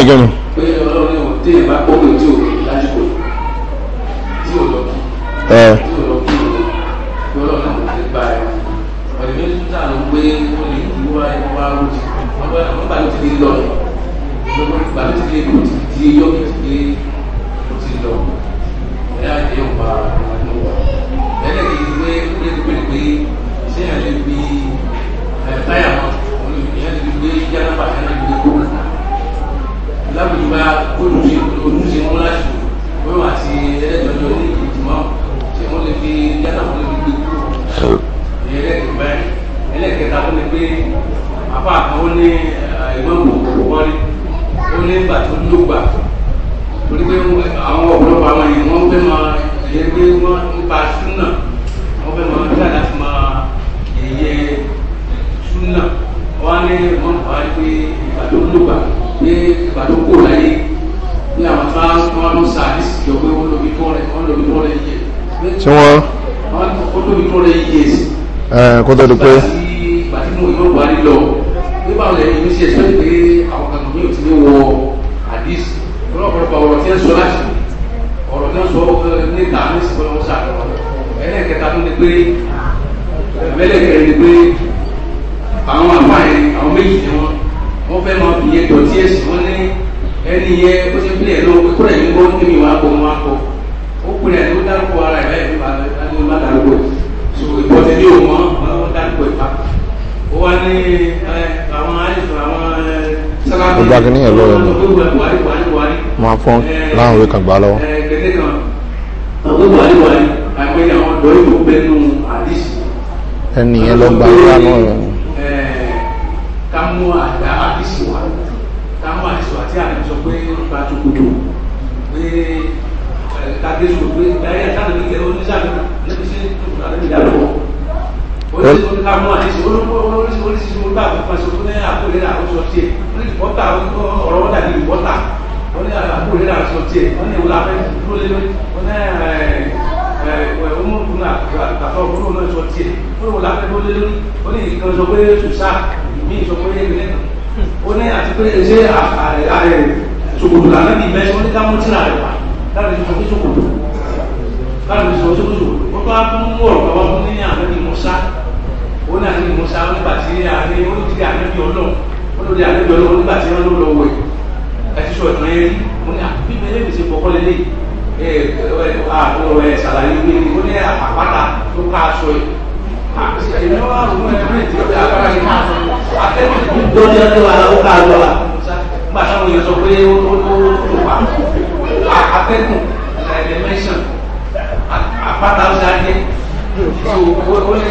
Hadi gömün. ló gbà torí pé àwọn ọ̀pọ̀lọpọ̀ àwọn yìí wọ́n fẹ́ máa yẹ pé wọ́n ń pa súnà wọ́n fẹ́ máa gbà láti máa yẹ̀yẹ súnà wọ́n á ní wọ́n fà á pé ìgbà tó ló gbà pé ìgbà tó kò láyé ní àwọn tó wọ́n lọ sàdísì jọ pé wọ́n lóbi tó rẹ̀ wọ́n lóbi tó rẹ̀ yẹ. tí wọ́n. wọ́n lóbi tó rẹ̀ yẹ ẹ kó tó di pé. ìgbà mo yọ wà nílò nígbà wo lẹ́yìn hadith wọn ọ̀pọ̀lọpọ̀ ọ̀rọ̀ tí ń sọ láti ọ̀rọ̀ tí ń sọ níta eh, ní ìsìnkú sàkọrọ ẹlẹ́kẹta tó ní pé ẹlẹ́kẹrin ní pé àwọn àgbà yẹn àwọn méjì ni wọn wọn fẹ́ máa fi yẹn dọ̀tí ẹ̀sìn wọn ní ẹni yẹ ó ti pílẹ̀ lọ kó lẹ́yìn ń bọ́ ní kíni wàá kọ́ wọn akọ ó pílẹ̀ ló dárúkọ ara ẹ̀ báyìí nípa ẹni má dárúkọ so ìbọ̀tẹ́ ní òun mọ́ wọn dárúkọ ìpa ó wá ní eh, àwọn àìsàn àwọn eh, gbogbo akíní yẹn lọ́wọ́ mi máa fọ́n láwọn ìwé kan gbà lọ́wọ́. ẹni yẹn lọ gba ńlá náà rẹ. Kamu mú àdá àdìsí wa ká mú àdìsí wa tí a lè sọ pé nípa tukutu pé kàdé sọ pé dáyà sáà lè kẹ oníṣàlù lẹbi sí tukutu àlejò ìdálọ́wọ́ wọ́n ní àbúrò rẹ̀ àti ọtí ẹ̀ wọ́n ní ìwúlò afẹ́ dúró lé lórí wọ́n ní ọmọkùnrin àtàtọ̀ ọmọkùnrin náà sọ tiẹ̀ wọ́n ní ìwúlò afẹ́ dúró lé lórí wọ́n ní ìkan sọ pé ṣùṣà mí sọ pé ẹgbẹ́ wọ́n ní àti pé ṣé ààrẹ ṣòkòtò lànà bíi mẹ́sàn án ní ká mú tíra rẹ̀ wá láti sọ pé ṣòkòtò láti sọ pé ṣòkòtò wọ́n bá fún ọ̀rọ̀ bàbá fún ní àná ó náà ní musa nígbà tí àní olùdíje ànábì ọlọ́run olùdíje ànábì ọlọ́run nígbà tí wọ́n ló lọ wẹ̀ ẹtí sọ ìtàn yẹn rí mo ní àbí mẹ́lẹ́ mi ṣe kọ́kọ́ lélẹ̀ ẹ ẹ ṣàlàyé mi ni ó ní àpáta tó ká aṣọ yìí ìnáwó àwọn ẹgbẹ́ ìdí ọ̀dà àpáta yìí ká aṣọ àtẹ́wọ̀n tó ní ọdún wa ó ká lọ wa nígbà táwọn èèyàn sọ pé ó tó wà àtẹ́gùn ẹ̀ẹ́dẹ̀mẹ́sàn àpáta ó ṣe á jẹ́ ó wọ́n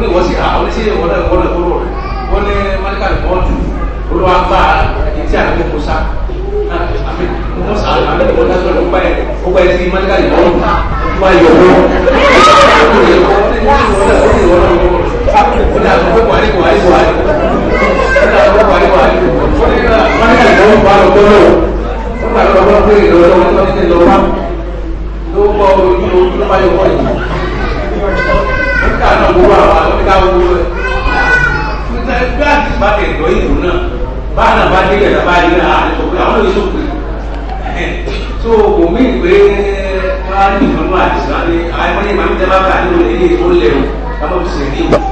ní wọ́n sì àwọn oníṣẹ́ ìwọ́n náà wọ́n náà ó ní mẹdíkàlì bọ́ọ̀dù olúwa gbà etí àgbẹ̀ kò sá mo sá àgbẹ̀ kò sá ló gbà ẹ̀ ó gbà etí mẹdíkàlì bọ́ọ̀dù wá yọ̀ wọ́ Thank you.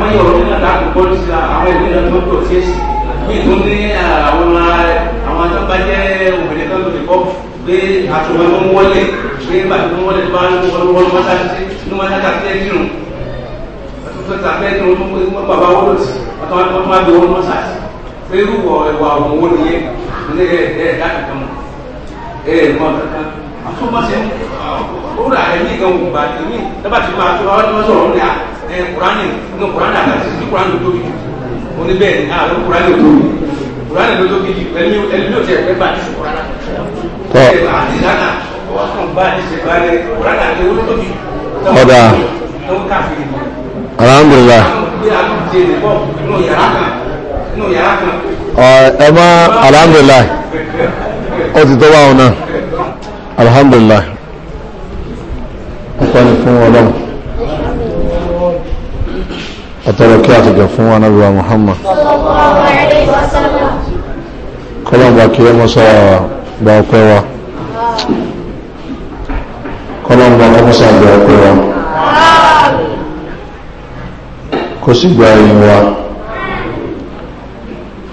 àìmọye ọ̀rọ̀ nígbà tá a kò kọ́ sí àwọn ìlú náà tó ń pọ̀ sí èsì bí eh, tó ní àwọn àwọn àtọ́gbájẹ́ obìnrin kan tó ti kọ́ pé àtúwọ́n ló ń wọlé pé bàtí wọ́n wọlé bá ń wọlé wọlé wọ́n sáà sí ní wọ́n sáà sí ẹ̀jú nù tó ta fẹ́ ní ọdún pé wọ́n bàbá wọ́n lò sí ọ̀tọ̀ wọn máa bẹ wọn sá sí pé irú wọ ẹ̀wà òun wo nìyẹn ní ẹ̀ ẹ̀ dá kankan mọ̀ ẹ̀ ẹ̀ mọ̀ kankan àtúbọ̀sẹ̀ ó rà ẹ̀ ní ìgbà òun gbà tèmi dábàtí máa tó ọ́ ní wọ́n sọ̀rọ̀ ní à ẹ kurani ní kurani àtàtì ní kurani tóbi oní bẹ́ẹ̀ ni àwọn kurani tóbi kurani ló tóbi ju ẹni ẹni yóò tẹ ẹgbẹ́ bá ti sùn kurani. tọ́ ẹ bá ti dáná ọwọ́ kan bá ti ṣe bá rẹ kurani àti owó tóbi. ọ̀dà alhamdulilah. ẹ má alhamdulilah ó ti tó báwọn náà alhamdulilah. Ọ̀pọ̀ ni fún ọlọ́run àtọ́lọ́kẹ́ àtìgà fún wa náà wa Muhammad kọlọ́mbà kí ẹ mọ́sá gba ọpẹ́ wa kọlọ́mbà kí mọ́sá gba ọpẹ́ wa kó sì gba ẹ̀yìn wa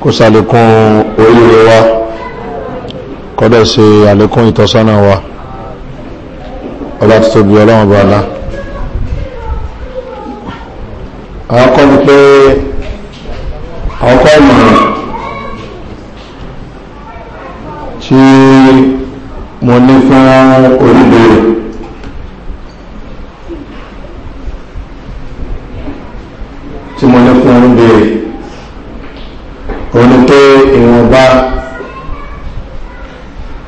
kó sàlékún oríire wa kọ́dẹ̀ sí àlékún ìtọ́sọ́nà wa ọlá tuntun bí ọlọ́run bá náà àwọn kọ́ ni pé àwọn kọ́ ìmọ̀ràn tí mo ní fún orílẹ̀ tí mo ní fún orílẹ̀ òní pé ìwọ̀nba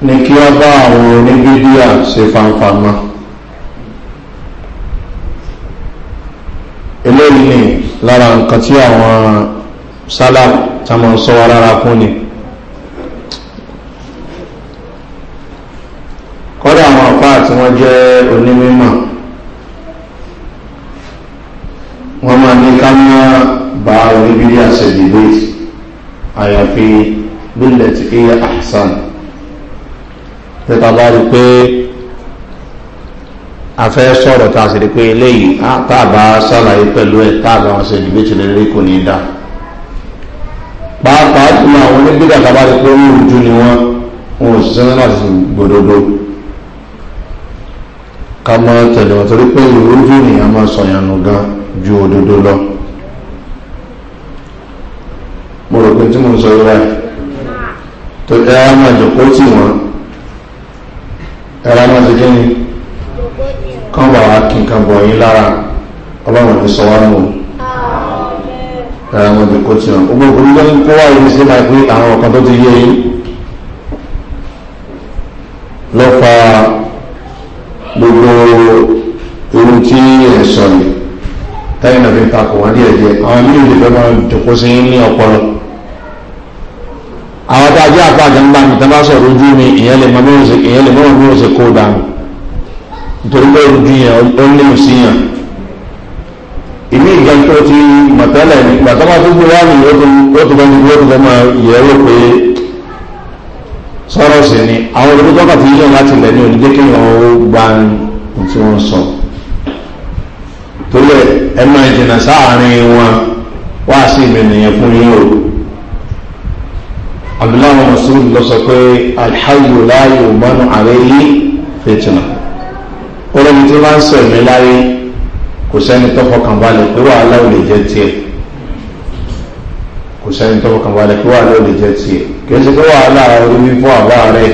ni lára nǹkan tí àwọn sálà tá máa ń sọ wá lára fún ni. kọ́dà àwọn àpá tí wọ́n jẹ́ onímọ̀ wọ́n máa ní ká má ba oníbírí àṣẹ dìbéètì àyàfi bílẹ̀ tí kéye àṣà tẹ́ta bá rí pé afẹ́ sọ̀rọ̀ tá a sì rí pé eléyìí tá a bá ṣàlàyé pẹ̀lú ẹ̀ tá a bá wọn ṣe dìbẹ́tì lérí kò ní dá pàápàá tún àwọn onígbèdà kábà rí pé wọn ò ju ni wọn wọn ò ṣiṣẹ́ náà sì gbòdodo ká máa tẹ̀lé wọn torí pé ìrújú nìyẹn máa sọ̀yànnù gan ju òdodo lọ mo rò pé tí mo ń sọ yóò wáyé tó ẹ á máa jòkó tì wọn ẹ máa ṣe kí ni kán bà wá kí nǹkan bọ̀ yín lára ọlọ́run ní sọ wá nù ara wọn ìdíkó tí wọn gbogbo orí lọ́yìn kó wá ìlú sí máa pé àwọn ọ̀kan tó ti yé yín lọ́fà gbogbo ohun tí ẹ̀ sọ yìí táyìn náà fi ń takò wọn díẹ̀ díẹ̀ àwọn mílíọ̀nù ìfẹ́ máa ń jòkó sí ní ọpọlọ àwọn tá a jẹ́ àpá àjẹ́ ńlá mi tá a bá sọ̀rọ̀ ojú mi ìyẹn lè mọ́ bí wọ́n ṣe kó dànù nítorí pé ojú yẹn ó ní òsì yẹn ìní Matala tó ti mọ̀tẹ́lẹ̀ ní gbàtọ́mọ́ tó gbé wá nìyí ó ti bọ́ níbi ó ti bọ́ máa yẹ ẹ́ rò pé sọ̀rọ̀ sí ni àwọn olùkọ́ kàtí yíyan láti lẹ̀ ní onídé kí wọ́n ó gba ohun tí wọ́n sọ torí ẹ máa jìnnà sáàárín wọn wá sí ìmìnìyàn fún yín o abdullahi masoud lọ sọ pé alhayu láàyò mọ́nú àrẹ olómi tí wọ́n sọ sẹ̀mí láyé kò sẹni tó fọkàn balẹ̀ pé wàhálà ò lè kò pé wàhálà ò lè àbá rẹ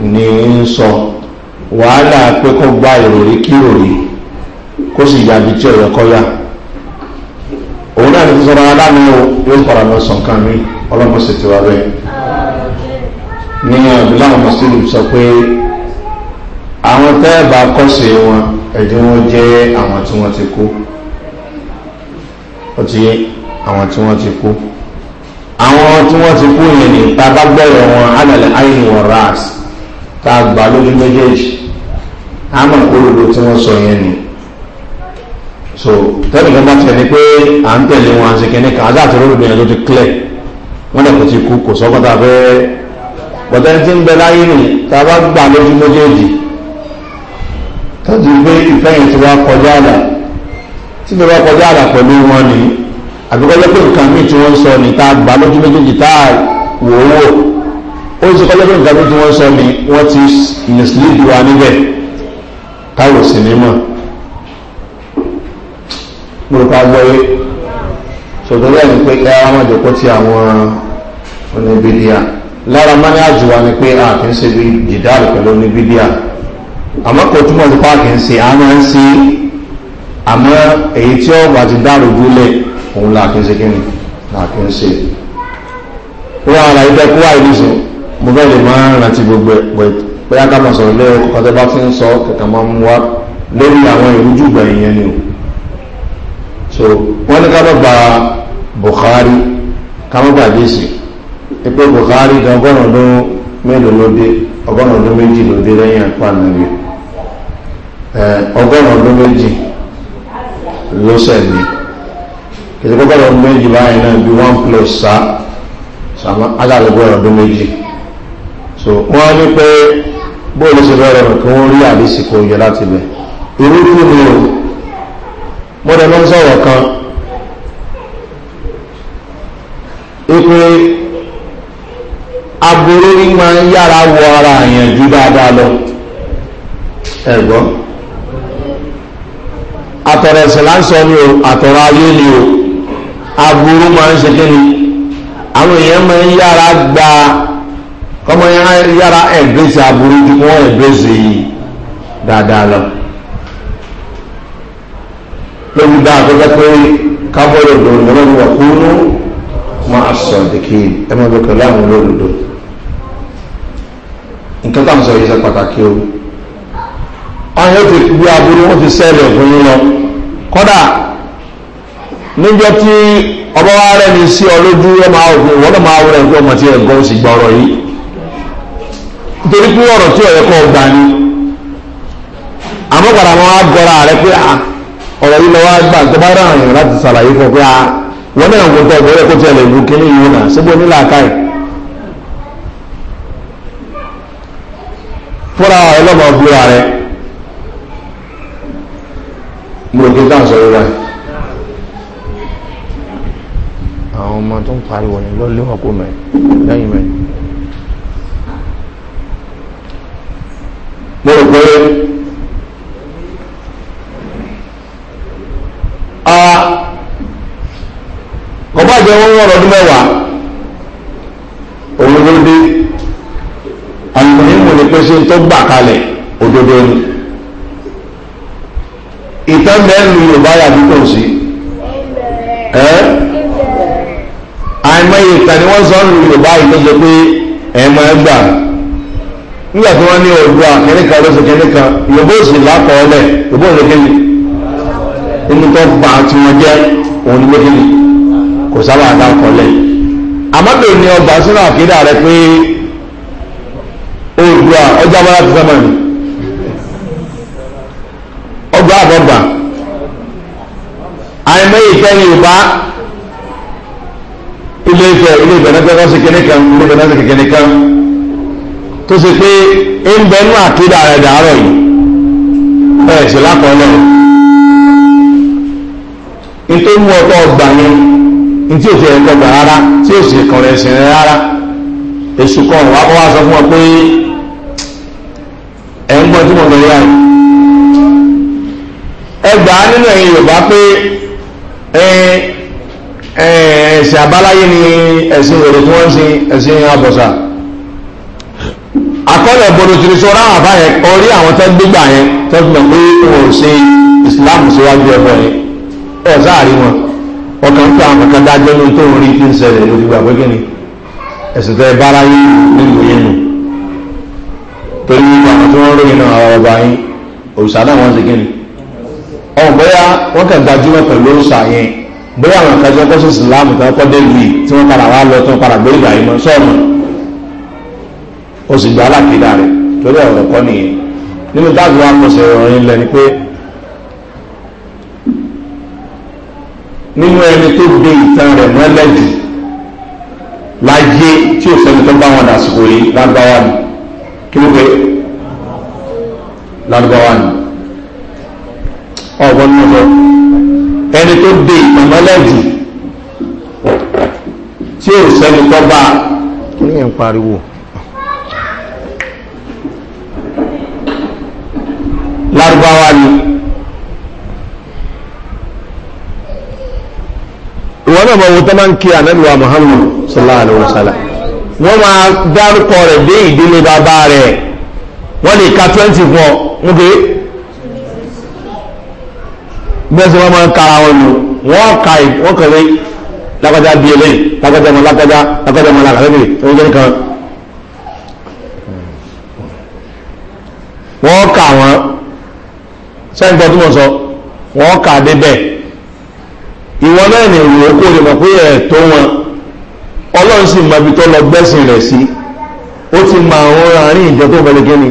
ni ń sọ wàhálà pé kó gba ìròrí kí kó sì yàbí tí òun náà ní yóò fara lọ sàn kan mi sì ti sọ àwọn tẹ́ẹ̀bà kọ́sẹ̀ wọn ẹ̀dín wọn jẹ́ àwọn tí wọ́n ti kú ó ti yé àwọn tí wọ́n ti kú àwọn tí wọ́n ti kú yẹn ní ta bá gbẹ̀rẹ̀ wọn alẹ́lẹ́ ayin wọ ras ta gbà lójú méjèèjì àmọ́ olùdó tí wọ́n sọ yẹn ni so tẹ́lifíkan bá tẹ̀ ni pé à ń tẹ̀lé wọn àti kìnìún kan àti àtẹ̀rẹ́ olùdó yẹn ló ti clear wọ́n lè kó ti kú kò sọ́kọ́ta fẹ́ẹ́ bọ̀tẹ́ni ń bẹ láyé nìyí ta bá gbà lójú méjèèjì tó ti gbé ìfẹ́ yẹn ti wá kọjá àlà tí ìfẹ́ wá kọjá àlà pẹ̀lú wọn ni àbíkọ́jọ́ pé nǹkan míì tí wọ́n sọ ní tá a gbà lójú méjèèjì tá a wò ó wò ó sì kọ́jọ́ pé nǹkan míì tí wọ́n sọ ni wọ́n ti mislead wa níbẹ̀ táwọn sì ní mọ̀ mo rò ká gbọ́ yé sọ̀tọ́ bẹ́ẹ̀ ni pé ẹ á má jòkó ti àwọn oníbídíà lára mọ́ni àjùwà ni pé a kì í ṣe bí jìdáàlì pẹ̀lú oníbídíà àmọ́ kò túmọ̀ sí páàkì ń se àmọ́ ń se àmọ́ èyí tí ó wà ti dárò gúnlẹ̀ òun là kí ń se kí ni là kí ń se wọ́n ara ibẹ̀ kó wà ìlú sùn mo fẹ́ lè máa rántí gbogbo ẹ̀ bóyá ká mọ̀ sọ̀rọ̀ lẹ́yìn ọkọ̀ tó bá ti ń sọ kẹ̀kẹ́ máa mú wa lórí àwọn ìrújú gbẹ̀yìn yẹn ni o so wọ́n ní ká bá ba buhari ká bá gbàgbé sí i pé buhari gan ọgọ́rùn-ún ọdún mélòó ló dé ọgọ́rùn-ún ọdún méjì ló dé lẹ́yìn àpá nàìjíríà ọgọ́rùn ọdún méjì ló sẹ̀mí kìtì gbọ́gbọ́rùn ọdún méjì báyìí náà bí one plus sá aláàlẹ́gbọ́rùn ọdún méjì so wọ́n á ní pé bóòlù sí bẹ́ẹ̀ rẹ̀ kí wọ́n rí àdísì kò yẹ láti bẹ̀ irú kú ni o mo dẹ̀ máa ń sọ̀rọ̀ kan ipe aburú ní máa ń yára wọ ara àyànjú dáadáa lọ ẹ̀gbọ́n àtọ̀rọ̀ ẹ̀sìn láǹsọ ni o àtọ̀rọ̀ ayé ni o aburú máa ń ṣe kí ni àwọn èèyàn máa ń yára gba ọmọ yára ẹ̀gbẹ́sì aburú ju kí wọ́n ẹ̀gbẹ́sì dáadáa lọ lórí bá àtọ́jọ́ pé kábọ́ọ̀lù òdòdó lọ́nà wà kúrú máa sọ dèkì ẹ máa bẹ pẹ̀lú àwọn olódodo nǹkan táwọn sọ yìí ṣe pàtàkì o àwọn yóò fi gbé aburú wọn fi sẹ́ẹ̀lì ọ̀gbìn lọ kọ́dà níjọ́ tí ọba wa rẹ̀ ní sí ọ lójú ẹ máa òfin ìwọ́n náà máa wọlé ẹgbẹ́ ọmọ tí ẹ gbọ́ ó sì gba ọ̀rọ̀ yìí nítorí pé ọ̀rọ̀ tí ọ̀rẹ́ kọ́ gbà ni àmọ́ padà wọn á gbọ́ra rẹ pé ọ̀rọ̀ yìí lọ́wọ́ gbà tó bá ràn yàn láti ṣàlàyé fún pé wọn náà gbọ́dọ̀ ọ̀gbọ́n rẹ kó tiẹ̀ lè lu kíní yìí náà síbò nílà káyìí. fúnra ọ̀rẹ́ lọ́mọ rẹ̀ mo lè dáhùn sọ̀rọ̀ rẹ̀ àwọn ọmọ tó ń pariwo ní lọ́lé wọn kò mẹ́ lẹ́yìn mẹ́ mo rò pé a kò bá jẹ́ wọ́n wọ́n ọdún mẹ́wàá òun ló dé àwọn ìmọ̀ ní pé ṣe tó gbà kalẹ̀ òdodo ni ìtàn bẹ́ẹ̀ lu yorùbá yàbí kò sí àìmọye ìtàn ni wọ́n sọ lu yorùbá yìí tó ṣe pé ẹ̀mọ ẹgbà nígbà tí wọ́n ní òdua kẹ́nìkan ló ṣe kẹ́nìkan yorùbá ò sì lákọọ́lẹ̀ yorùbá ò lè kéde inú tó bá tí wọ́n jẹ́ òun ní kò sábà lákọọ́lẹ̀ amadu ni ọba sínú àkídà rẹ pé òdua ọjà bọ́lá ti fẹ́ mọ̀ ni. yorùbá ilé Ifẹ̀ ilé Ifẹ̀ náà tẹ́kọ̀ sí kíní kan ilé Ifẹ̀ náà sí kíní kan tó ṣe pé ń bẹ nínú àkídà rẹ̀ dàárọ̀ yìí bẹ́ẹ̀ sì lákọọ́lẹ̀ nítorí mú ọkọ̀ ọgbà yẹn ntí òtí ẹ̀kọ́ gbà rárá tí ó sì kàn rẹ̀ sìn rẹ̀ rárá èṣù kan wà kọ́ wá sọ fún ọ pé ẹ̀ ń gbọ́ tí mo lọ yá yìí ẹgbàá nínú ẹ̀yin Yorùbá pé ẹ̀ ẹ̀sìn àbáláyé ni ẹ̀sìn wèrè tí wọ́n ń sin ẹ̀sìn àbọ̀sà akọ́lẹ̀ ìbọn òtún sọ ráhùn àbá yẹn orí àwọn tẹ́ gbígbà yẹn tẹ́ fi mọ̀ pé wọn ò ṣe islam síwájú ẹ̀fọ́ yẹn ẹ̀ sáàrí wọn ọkàn ń pè àwọn kankan dájọ́ ní tó ń rí ń ṣẹlẹ̀ lórí gbà pé kíni ẹ̀sìn tẹ́ báráyé nínú yẹn nù torí nípa àwọn tí wọ́n bóyá àwọn àkàjọ kọ́sí ìsìláàmù tó kọ́ dé lùí tí wọ́n padà wá lọ tí wọ́n padà gbé ìgbà yìí mọ́ sọ́ọ̀mù ó sì gba alákìdá rẹ̀ torí ọ̀rọ̀ kọ́ nìyẹn nínú táàbù wa kọsẹ̀ ọ̀rọ̀ yìí lẹ́ni pé nínú ẹni tó gbé ìtàn rẹ̀ mọ́lẹ̀ jù láyé tí ò sẹ́ni tó bá wọn dàsìkò yìí lágbáwá ni kí ló pé lágbáwá ni ọ̀gbọ́n ní ọjọ́ ẹni tó de ìtànmọ́lẹ́jù tí ò sẹ́ni tó bá kí ni ń pariwo. lárúbáwá ni ìwọ náà máa wo tó máa ń kí ànábìwá Muhammad sallallahu alaihi wa sallam wọ́n máa dárúkọ rẹ̀ dé ìdílé bàbá rẹ̀ wọ́n lè ka twenty four ń gbé bẹ́sẹ̀ wọ́n máa ń kára wọn nù wọ́n ka wọ́n kọ̀wé lágbájá bíi eléyìí lágbájá mọ lágbájá lágbájá mọ lágbájá bíi oúnjẹ kan. wọ́n kà wọ́n sẹ́ńtọ́ tí mo sọ wọ́n kà débẹ̀ ìwọ náà ní ìwò okó lè mọ̀ pé ẹ̀tọ́ wọn ọlọ́run sì mọ ibi tó lọ gbẹ́sìn rẹ̀ sí ó ti mọ àwọn àárín ìjọ tó fẹ́ lékè ni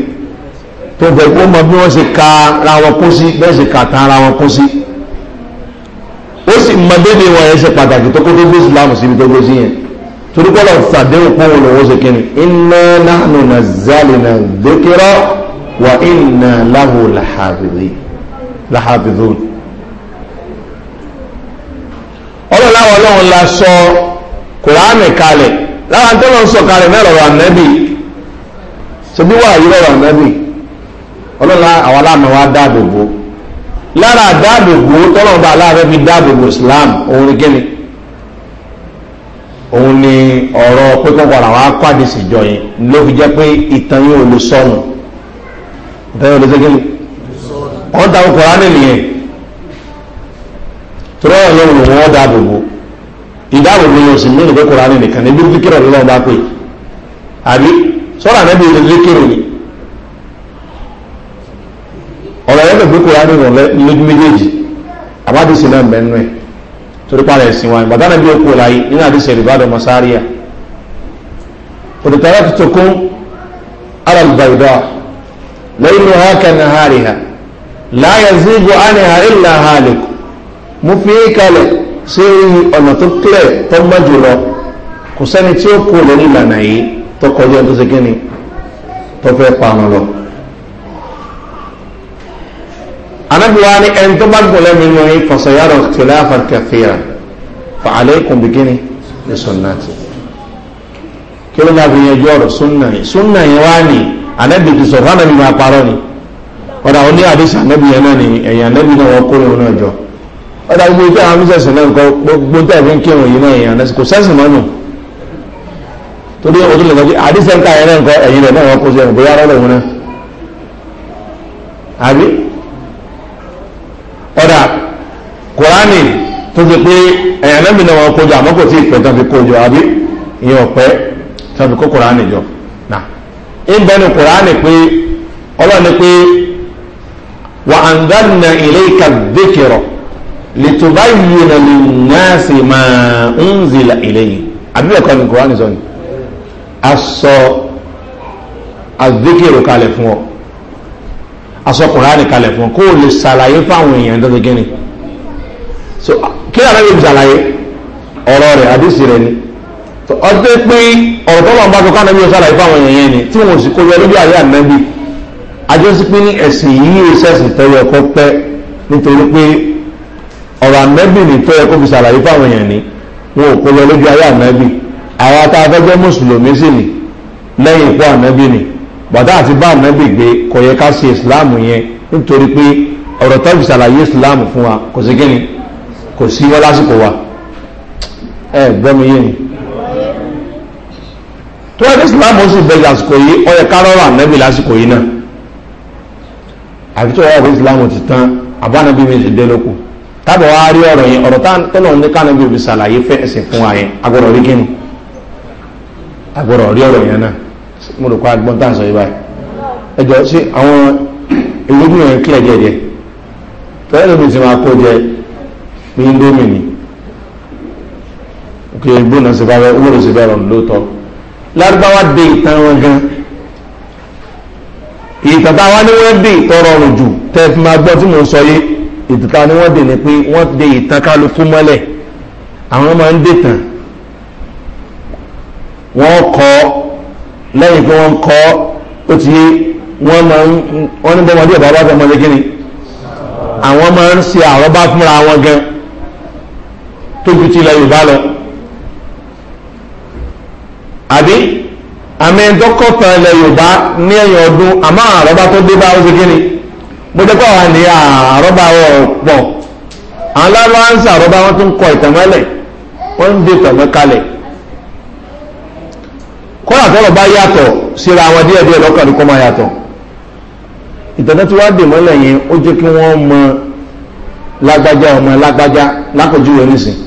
tó fẹ́ kó mọ bí wọ́n ṣe ka ara wọn kó sí bẹ́ẹ̀ ṣe kà tán ara wọn kó sí ó sì mọ débi wọn yẹn ṣe pàtàkì tó kó tó gbé islam síbi tó gbé sí yẹn torí pọ́lọ̀ sàdéhùn pọ́n wọn lòun ṣe kíni inna nahnu nazzalna dhikra wa inna lahu lahafidhun ọlọ́láwọ̀ ọlọ́run la sọ kùránì kalẹ̀ lára tó lọ sọ kalẹ̀ náà lọ́rọ̀ ànábì ṣe bí wàá yí lọ́rọ̀ ànábì ọlọ́lá àwọn aláàmì wa dáàbò bò lára dáàbòbò tọ́lọ́ba aláàrẹ fi dáàbòbò islam òun ni kíni òun ni ọ̀rọ̀ pípọ́pọ̀ àwọn akwáde ìsìnjọ yẹn ló fi jẹ́ pé ìtàn yóò lè sọnù ìtàn yóò lè sọ kíni ọ̀n ta ọkọ̀ ránì nìyẹn tọ́lọ́ yẹn wò wọ́n dáàbòbò ìdáàbòbò yẹn ò sì mí ìgbẹ́kọ̀ ránì nìkan ní bí fíkìrọ̀ lọ́wọ́ bá pè àbí sọ́ra nẹ́bí ìrẹ̀lẹ́kẹ̀rẹ̀ ni ọ̀rọ̀ yẹn lọ́gbẹ́ kó rárá ìrọ̀lẹ́ lójú méjèèjì àbádìsí náà mẹ́nu ẹ̀ torí pa rẹ̀ sìn wọn ìgbà dáná bí ó kú láyé nínú àdìsí ẹ̀rù ìbádọ́ masáríà òdìtàrà tuntun kún alàlùbàdà lẹ́yìn ní ọ̀hán kan náà hàrì ha láyà zígbó ánì ha ìlà ha lè mú fi é kalẹ̀ sí ọ̀nà tó kílẹ̀ tó mọ́ jùlọ kò sẹ́ni tí ó kú lórí ìlànà yìí tó kọjá tó ṣe kíni tó fẹ́ pa wọn lọ. anábìwá ni ẹni tó bá gbọ́lẹ̀ nínú yín kọ̀sọ̀yàrọ̀ tìláfà kẹfìrà fàálẹ́kùn bìkínì ní sunnati kí ló dáa fi yẹn jọ ọ̀rọ̀ sunna ni sunna yẹn wá ní anábì ti sọ̀rọ̀ anábì máa parọ́ ni ọ̀dà òní àdéṣà anábì yẹn náà ni ẹ̀yìn anábì náà wọ́n kórè òun náà jọ ọ̀dà gbogbo ìjọ àwọn mísẹ̀sì náà nǹkan gbogbo tẹ̀ fi ń kírun yìí náà ẹ̀yìn anábì kùránì tó ti pé ẹ̀yàn náà mìíràn wọn kójọ àmọ́ kò tí ì pẹ́ tán fi kójọ àbí ìyẹn ọ̀pẹ́ tán fi kó kùránì jọ nà ìbẹ̀nu kùránì pé ọlọ́ni pé wà á ń dánilẹ̀ ilé ìkàdékèrọ̀ litubayyana linnasi ma unzila ilayhi àbí ẹ̀kọ́ ni kùránì sọ ni asọ azikiro kalẹ̀ fún ọ asọ kùránì kalẹ̀ fún ọ kó o lè ṣàlàyé fáwọn èèyàn tó ti gíní so kí ló àbẹ́bí ṣàlàyé ọ̀rọ̀ rẹ̀ àdìsí rẹ̀ ni ọdún pé ọ̀rọ̀ tó wọn bá tó kánà bí wọn ṣàlàyé fáwọn èèyàn yẹn ni tí wọn sì kó yọ lójú àyè ànábì àjọsí pé ní ẹ̀sìn yìí ìṣẹ̀sìn tó yẹ kó pẹ́ nítorí pé ọ̀rọ̀ ànábì ni tó yẹ kó fi ṣàlàyé fáwọn èèyàn ni wọn ò kó yọ lójú àyè ànábì àwọn atáfẹ́jọ́ mùsùlùmí sì ni lẹ́yìn ikú ànábì ni bàtà àti bá ànábì gbé kò yẹ ká ṣe ìsìláàmù yẹn nítorí pé ọ̀rọ̀ tó fi ṣàlàyé ìsìláàmù fún wa kò sí kíni kò sí wọ́n lásìkò wa ẹ gbọ́mi yé ni tó ẹni islam oṣù bẹ lásìkò yìí ọyẹ kárọ̀rọ̀ ànábì lásìkò yìí náà àfi tó ọwọ́ islam ti tán àbánabi mi ti dé lóko tábọ̀ wá rí ọ̀rọ̀ yẹn ọ̀rọ̀ tọ́lọ̀ ní kánábì òbí sàlàyé fẹ́ ẹsẹ̀ fún wa yẹn agbọ̀rọ̀ rí kíni agbọ̀rọ̀ rí ọ̀rọ̀ yẹn náà mo rò kó agbọ́n tá à ń sọ yìí báyìí ẹ jọ sí àwọn ewúrẹ́ yẹn kílẹ̀ jẹ́ jẹ́ tọ́lẹ̀ lóbi ti máa kó jẹ́ ní gómìnì kí na sí fẹ́rẹ̀ ìgbóná sí fẹ́rẹ̀ lóòótọ́ lárúbáwá dé ìtàn wọn gan ìtàtà wa ni wọ́n dé ìtọ́rọ̀ rò jù tẹ́ fi máa gbọ́ tí mò ń sọ yé ìtàtà ni wọ́n dé ni pé wọ́n dé ìtàn kálukú mọ́lẹ̀ àwọn máa ń dé tàn wọ́n kọ́ lẹ́yìn pé wọ́n kọ́ ó ti yé wọ́n máa ń wọ́n ní bọ́mọdé ọ̀bá bá fẹ́ ọmọdé kí ni àwọn máa ń ṣe àrọ́bá fúnra wọn gan tóbi ti ilẹ̀ yorùbá lọ àbí àmì ẹ̀ńdọ́kọ̀tàn ilẹ̀ yorùbá ní ẹ̀yìn ọdún àmọ́ àrọ́bá tó dé bá ó ṣe kíni mo jẹ́ pọ̀ wà ní àrọ́bá wọn pọ̀ àwọn lábá ń sàrọ́bá wọn tún kọ ìtànmọ́lẹ̀ wọ́n ń dé ìtànmọ́ kalẹ̀ kọ́lá tọ́lọ̀ bá yàtọ̀ síra wọn díẹ̀ díẹ̀ lọ́kàn kó máa yàtọ̀ ìtọ́jú tí wọ́n dè mọ́lẹ̀ yẹn ó jẹ́ kí wọ́n mọ lágbájá ọmọ lágbájá lápòjúwe nísìnyí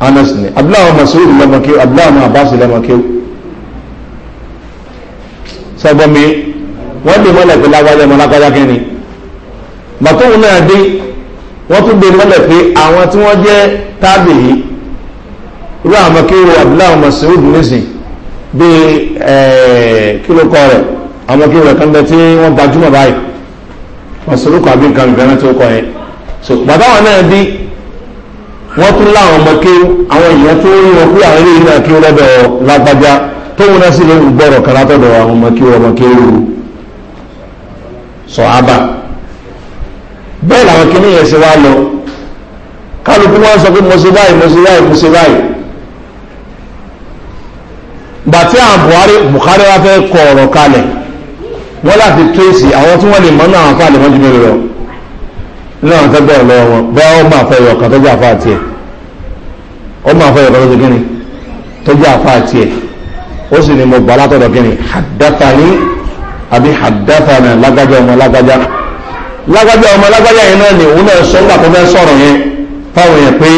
anas ni abdullahi masoud lọmọkẹ abdullahi abbas lọmọkẹ mi, wọn dè mọlẹ pé lágbájá mọ lágbájá kẹni bàtọhún náà dé wọn tún dè mọlẹ pé àwọn tí wọn jẹ tábì yìí irú àwọn kéwò abdullahi masoud nísìn bíi kílókọ rẹ àwọn kéwò rẹ kan bẹ tí wọn gbajúmọ̀ báyìí masoud kọ àbí nǹkan ìgbẹ́rẹ́ tó kọ yẹn so bàtà wọn náà dé wọ́n tún láwọn ọmọ kí àwọn èèyàn tó rí wọn pé àwọn eléyìí náà kí wọ́n lọ́dọ̀ lágbájá tóun náà sì lè ń gbọ́rọ̀ kan látọ̀dọ̀ àwọn ọmọ kí wọ́n ọmọ kí wọ́n sọ ábà bẹ́ẹ̀ làwọn kìíní yẹn ṣe wá lọ kálukú wọn sọ pé mo ṣe báyìí mo ṣe báyìí mo ṣe báyìí bàtí àwọn Buhari Buhari wa fẹ́ kọ ọ̀rọ̀ kalẹ̀ wọ́n láti tó èsì àwọn tí wọ́n lè mọ́ náà àwọn afáàlẹ̀ wọ́n ti bẹ̀rẹ̀ nínú àwọn tó bẹ̀rẹ̀ lọ́wọ́ wọn bẹ́ẹ̀ ó máa fẹ́ yọ ọ̀kan tó jẹ́ àfa àti ẹ̀ ó máa fẹ́ yọ ọ̀kan tó jẹ́ kíni tó jẹ́ àfa àti ẹ̀ ó sì ní mo gbà látọ̀dọ̀ kíni haddathani àbí haddathana lágbájá ọmọ lágbájá lágbájá ọmọ lágbájá yẹn náà ni òun náà sọ nígbà tó fẹ́ sọ̀rọ̀ yẹn fáwọn yẹn pé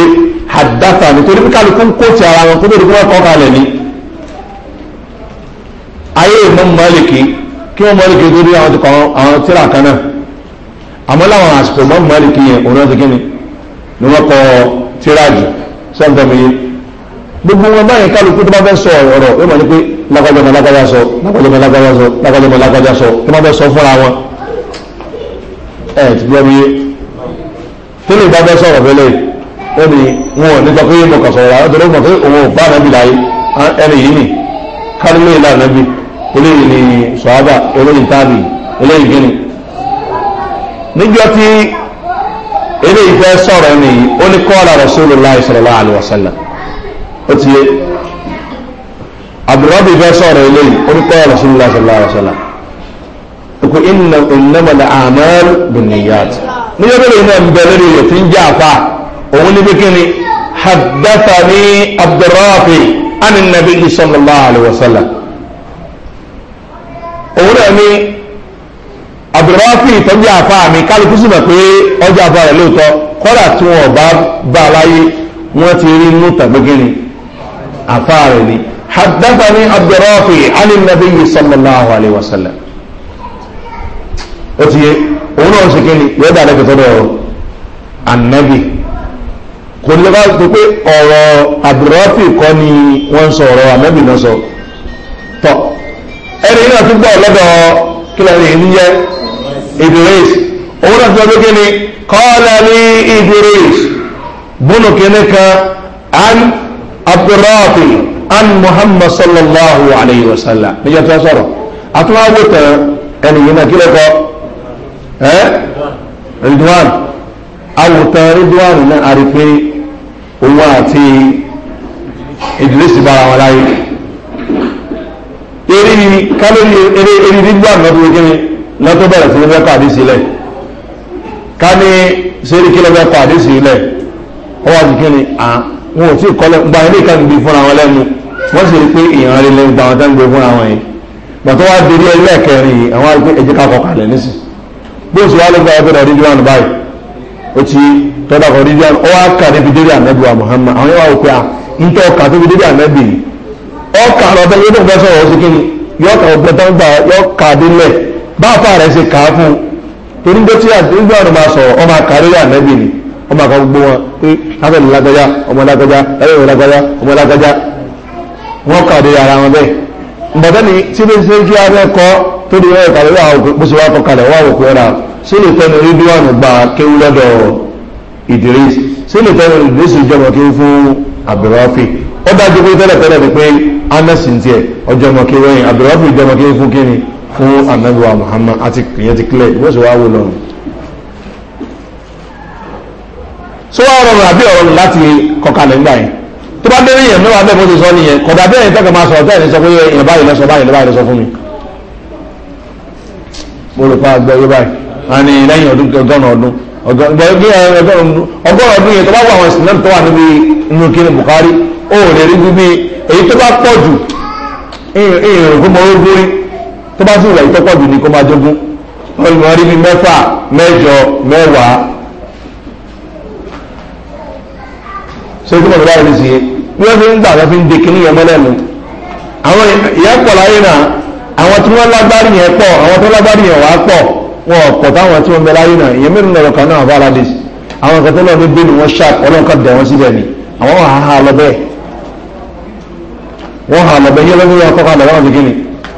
haddathani torí pé kálukú kó ti ara wọn kó lórí kí wọ́n kalẹ̀ ni ayé ìmọ̀ mọ́lìkì kí wọ́n mọ́lìkì torí àwọn tíra kan náà àmọ́ láwọn àsìkò mọ́ mọ́lìkì yẹn òun náà ti kíni ni wọ́n kọ tíráàjù sọ́ńtọ́mù yìí gbogbo wọn báyìí kálukú tó bá fẹ́ sọ ọ̀rọ̀ ó mọ̀ ní pé lágbájọmọ lágbájá sọ lágbájọmọ lágbájá sọ lágbájọmọ lágbájá sọ tó bá fẹ́ sọ fúnra wọn ẹ ti gbọ́ mi yé tó lè bá fẹ́ sọ̀rọ̀ fẹ́lẹ́ ó ní wọn ò ní sọ pé mo kàn sọ̀rọ̀ àwọn tòló mọ̀ pé níjọ́ tí eré ìfẹ́ sọ̀rọ̀ ni ó ní kọ́ọ̀lá rasulillah sallallahu alayhi wa sallam ó ti yé abdulrabi fẹ́ sọ̀rọ̀ eléyìí ó ní kọ́ọ̀lá rasulillah sallallahu alayhi wa sallam òkú iná ìnáma ní amal biniyat níjọ́ tó lè iná ń bẹ lórí rẹ̀ tí ń abdulrafi ìtọ́jú àfa mi kálukú sì mọ̀ pé ọjà àfa rẹ̀ lóòótọ́ kọ́dà tí wọn bá bá láyé wọn ti rí mú tàgbégéni àfa rẹ̀ ni haddathani abdulrafi alinabiyyi sallallahu alayhi wa sallam ó ti yé òun náà ṣe kéde yóò dà lẹ́kẹ̀ẹ́ tọ́lọ́ anabi kò ní lọ́ka tó pé ọ̀rọ̀ abdulrafi kọ́ ni wọ́n sọ ọ̀rọ̀ anabi náà sọ tọ́ ẹni náà tún gbọ́ lọ́dọ̀ kílẹ̀ ní ìdí jẹ́ Idris òun náà sọ pé kí ni kọ́ọ̀lá ní Idris bùnú kíní kan an abdulrafi an Muhammad sallallahu alayhi wa sallam níjẹ́ tó sọ̀rọ̀ àtúwáwò tán ẹni yìí náà kílẹ̀ kọ́ ẹ́ Ridwan awòtán Ridwan náà àrífẹ́ òun Idris bára wọn láyé eré kálórì eré eré dídá lọ́tọ́ kíni lọ́tọ́ bẹ̀rẹ̀ sí ní fẹ́ pàdé sílẹ̀ ká ní sẹ́rí kí lọ́fẹ́ pàdé sílẹ̀ ọwọ́ àti kíni à wọn ò tí ì kọ́lẹ̀ gba ilé ìkànnì bí fúnra wọn lẹ́nu wọ́n sì rí pé ìyàn rí lẹ́nu gba àwọn tó ń gbé fúnra wọn yìí bàtọ́ wá di ilé ẹlẹ́ẹ̀kẹrin yìí àwọn àgbẹ̀ ẹ̀jẹ̀ ká kọkànlẹ̀ nísìn bó sì wá ló gba ọgbẹ́dọ̀ rí díwánu báyìí ó ti tọ́dọ̀ kọ rí díwánu ó wá kà fi dédé ànábì ọkà ọ̀tẹ́ yóò tó fẹ́ sọ̀rọ̀ sí kíni yóò kà ọ̀gbẹ́ tó ń gbà yóò kà á délẹ̀ bá àfa rẹ̀ ṣe kà á fún torí tó tí àdúgbò àrùn máa sọ̀rọ̀ ọmọ àkàrí ànẹ́bì ni ọmọ àkà gbogbo wọn pé lábẹ́lú lágbájá ọmọ lágbájá ẹ̀yẹ̀wò lágbájá ọmọ lágbájá wọn kà dé ara wọn bẹ́ẹ̀ ǹbọ̀dẹ́ ni tí bí ṣe kí abẹ́ kọ́ tó di ẹ̀rọ kàlẹ́ wà òkú bó ṣe wá kọ́ kalẹ̀ wà òkú ẹ̀rà sí lè fẹ́ nu rídíọ̀nù gba kéwú lọ́dọ̀ Idris sí lè fẹ́ nu Idris ìjọba kéwú fún pé tẹ́lẹ̀ tẹ́lẹ̀ ni pé anas ń tiẹ̀ ọjọ́ ọmọkẹ́ wẹ́yìn abdulrafi ọjọ́ ọmọkẹ́ fún kíni fún anabiwa muhammad àti ìyẹn ti clear ìwọ́n sì wá wò lọ́rùn. sọ wá rọrùn àbí ọ̀rọ̀ láti kọkalẹ̀ ńgbà yẹn tó bá dé níyẹn mẹ́wàá bẹ́ẹ̀ bó ti sọ nìyẹn kọ̀dà bẹ́ẹ̀ yẹn tẹ́kọ̀ máa sọ ọ̀tẹ́ ìrìnsọ pé èèyàn báyìí lọ́sọ báyìí lọ́báyìí lọ́sọ fún mi. mo rò pa àgbẹ̀ yóò báyìí a lẹ́yìn ọdún ọgọ́rùn ọdún ọgọ́rùn ọdún Bukhari ó lè rí èyí tó bá pọ̀ jù ìrìn ògùn mọ́ ogún rí tó bá sì wà èyí tó pọ̀ jù ní kó máa jogún ọlùmọ̀ rí ní mẹ́fà mẹ́jọ mẹ́wàá ṣé kí wọ́n báyìí sí i wọ́n fi ń gbà wọ́n fi ń de kíní yẹn mọ́lẹ̀ nu àwọn ìyá pọ̀ láyé náà àwọn tí wọ́n lágbárí yẹn pọ̀ àwọn tó lágbárí yẹn wàá pọ̀ wọn ọ̀pọ̀ táwọn tí wọ́n bẹ láyé náà ìyẹn mẹ́rin lọ́rọ̀ kan náà bá ara lè sí àwọn kan tó lọ́ọ́ ní bẹ́ẹ̀ ni wọ́n ṣàpọ̀ ọlọ́ọ̀kan dẹ̀ wọ́n síbẹ̀ ni àwọn wà á ha lọ bẹ́ẹ̀ wọ́n hàn lọ́bẹ̀ yẹ́ lọ́bẹ̀ wọn kọ́kọ́ lọ́wọ́ fi kíni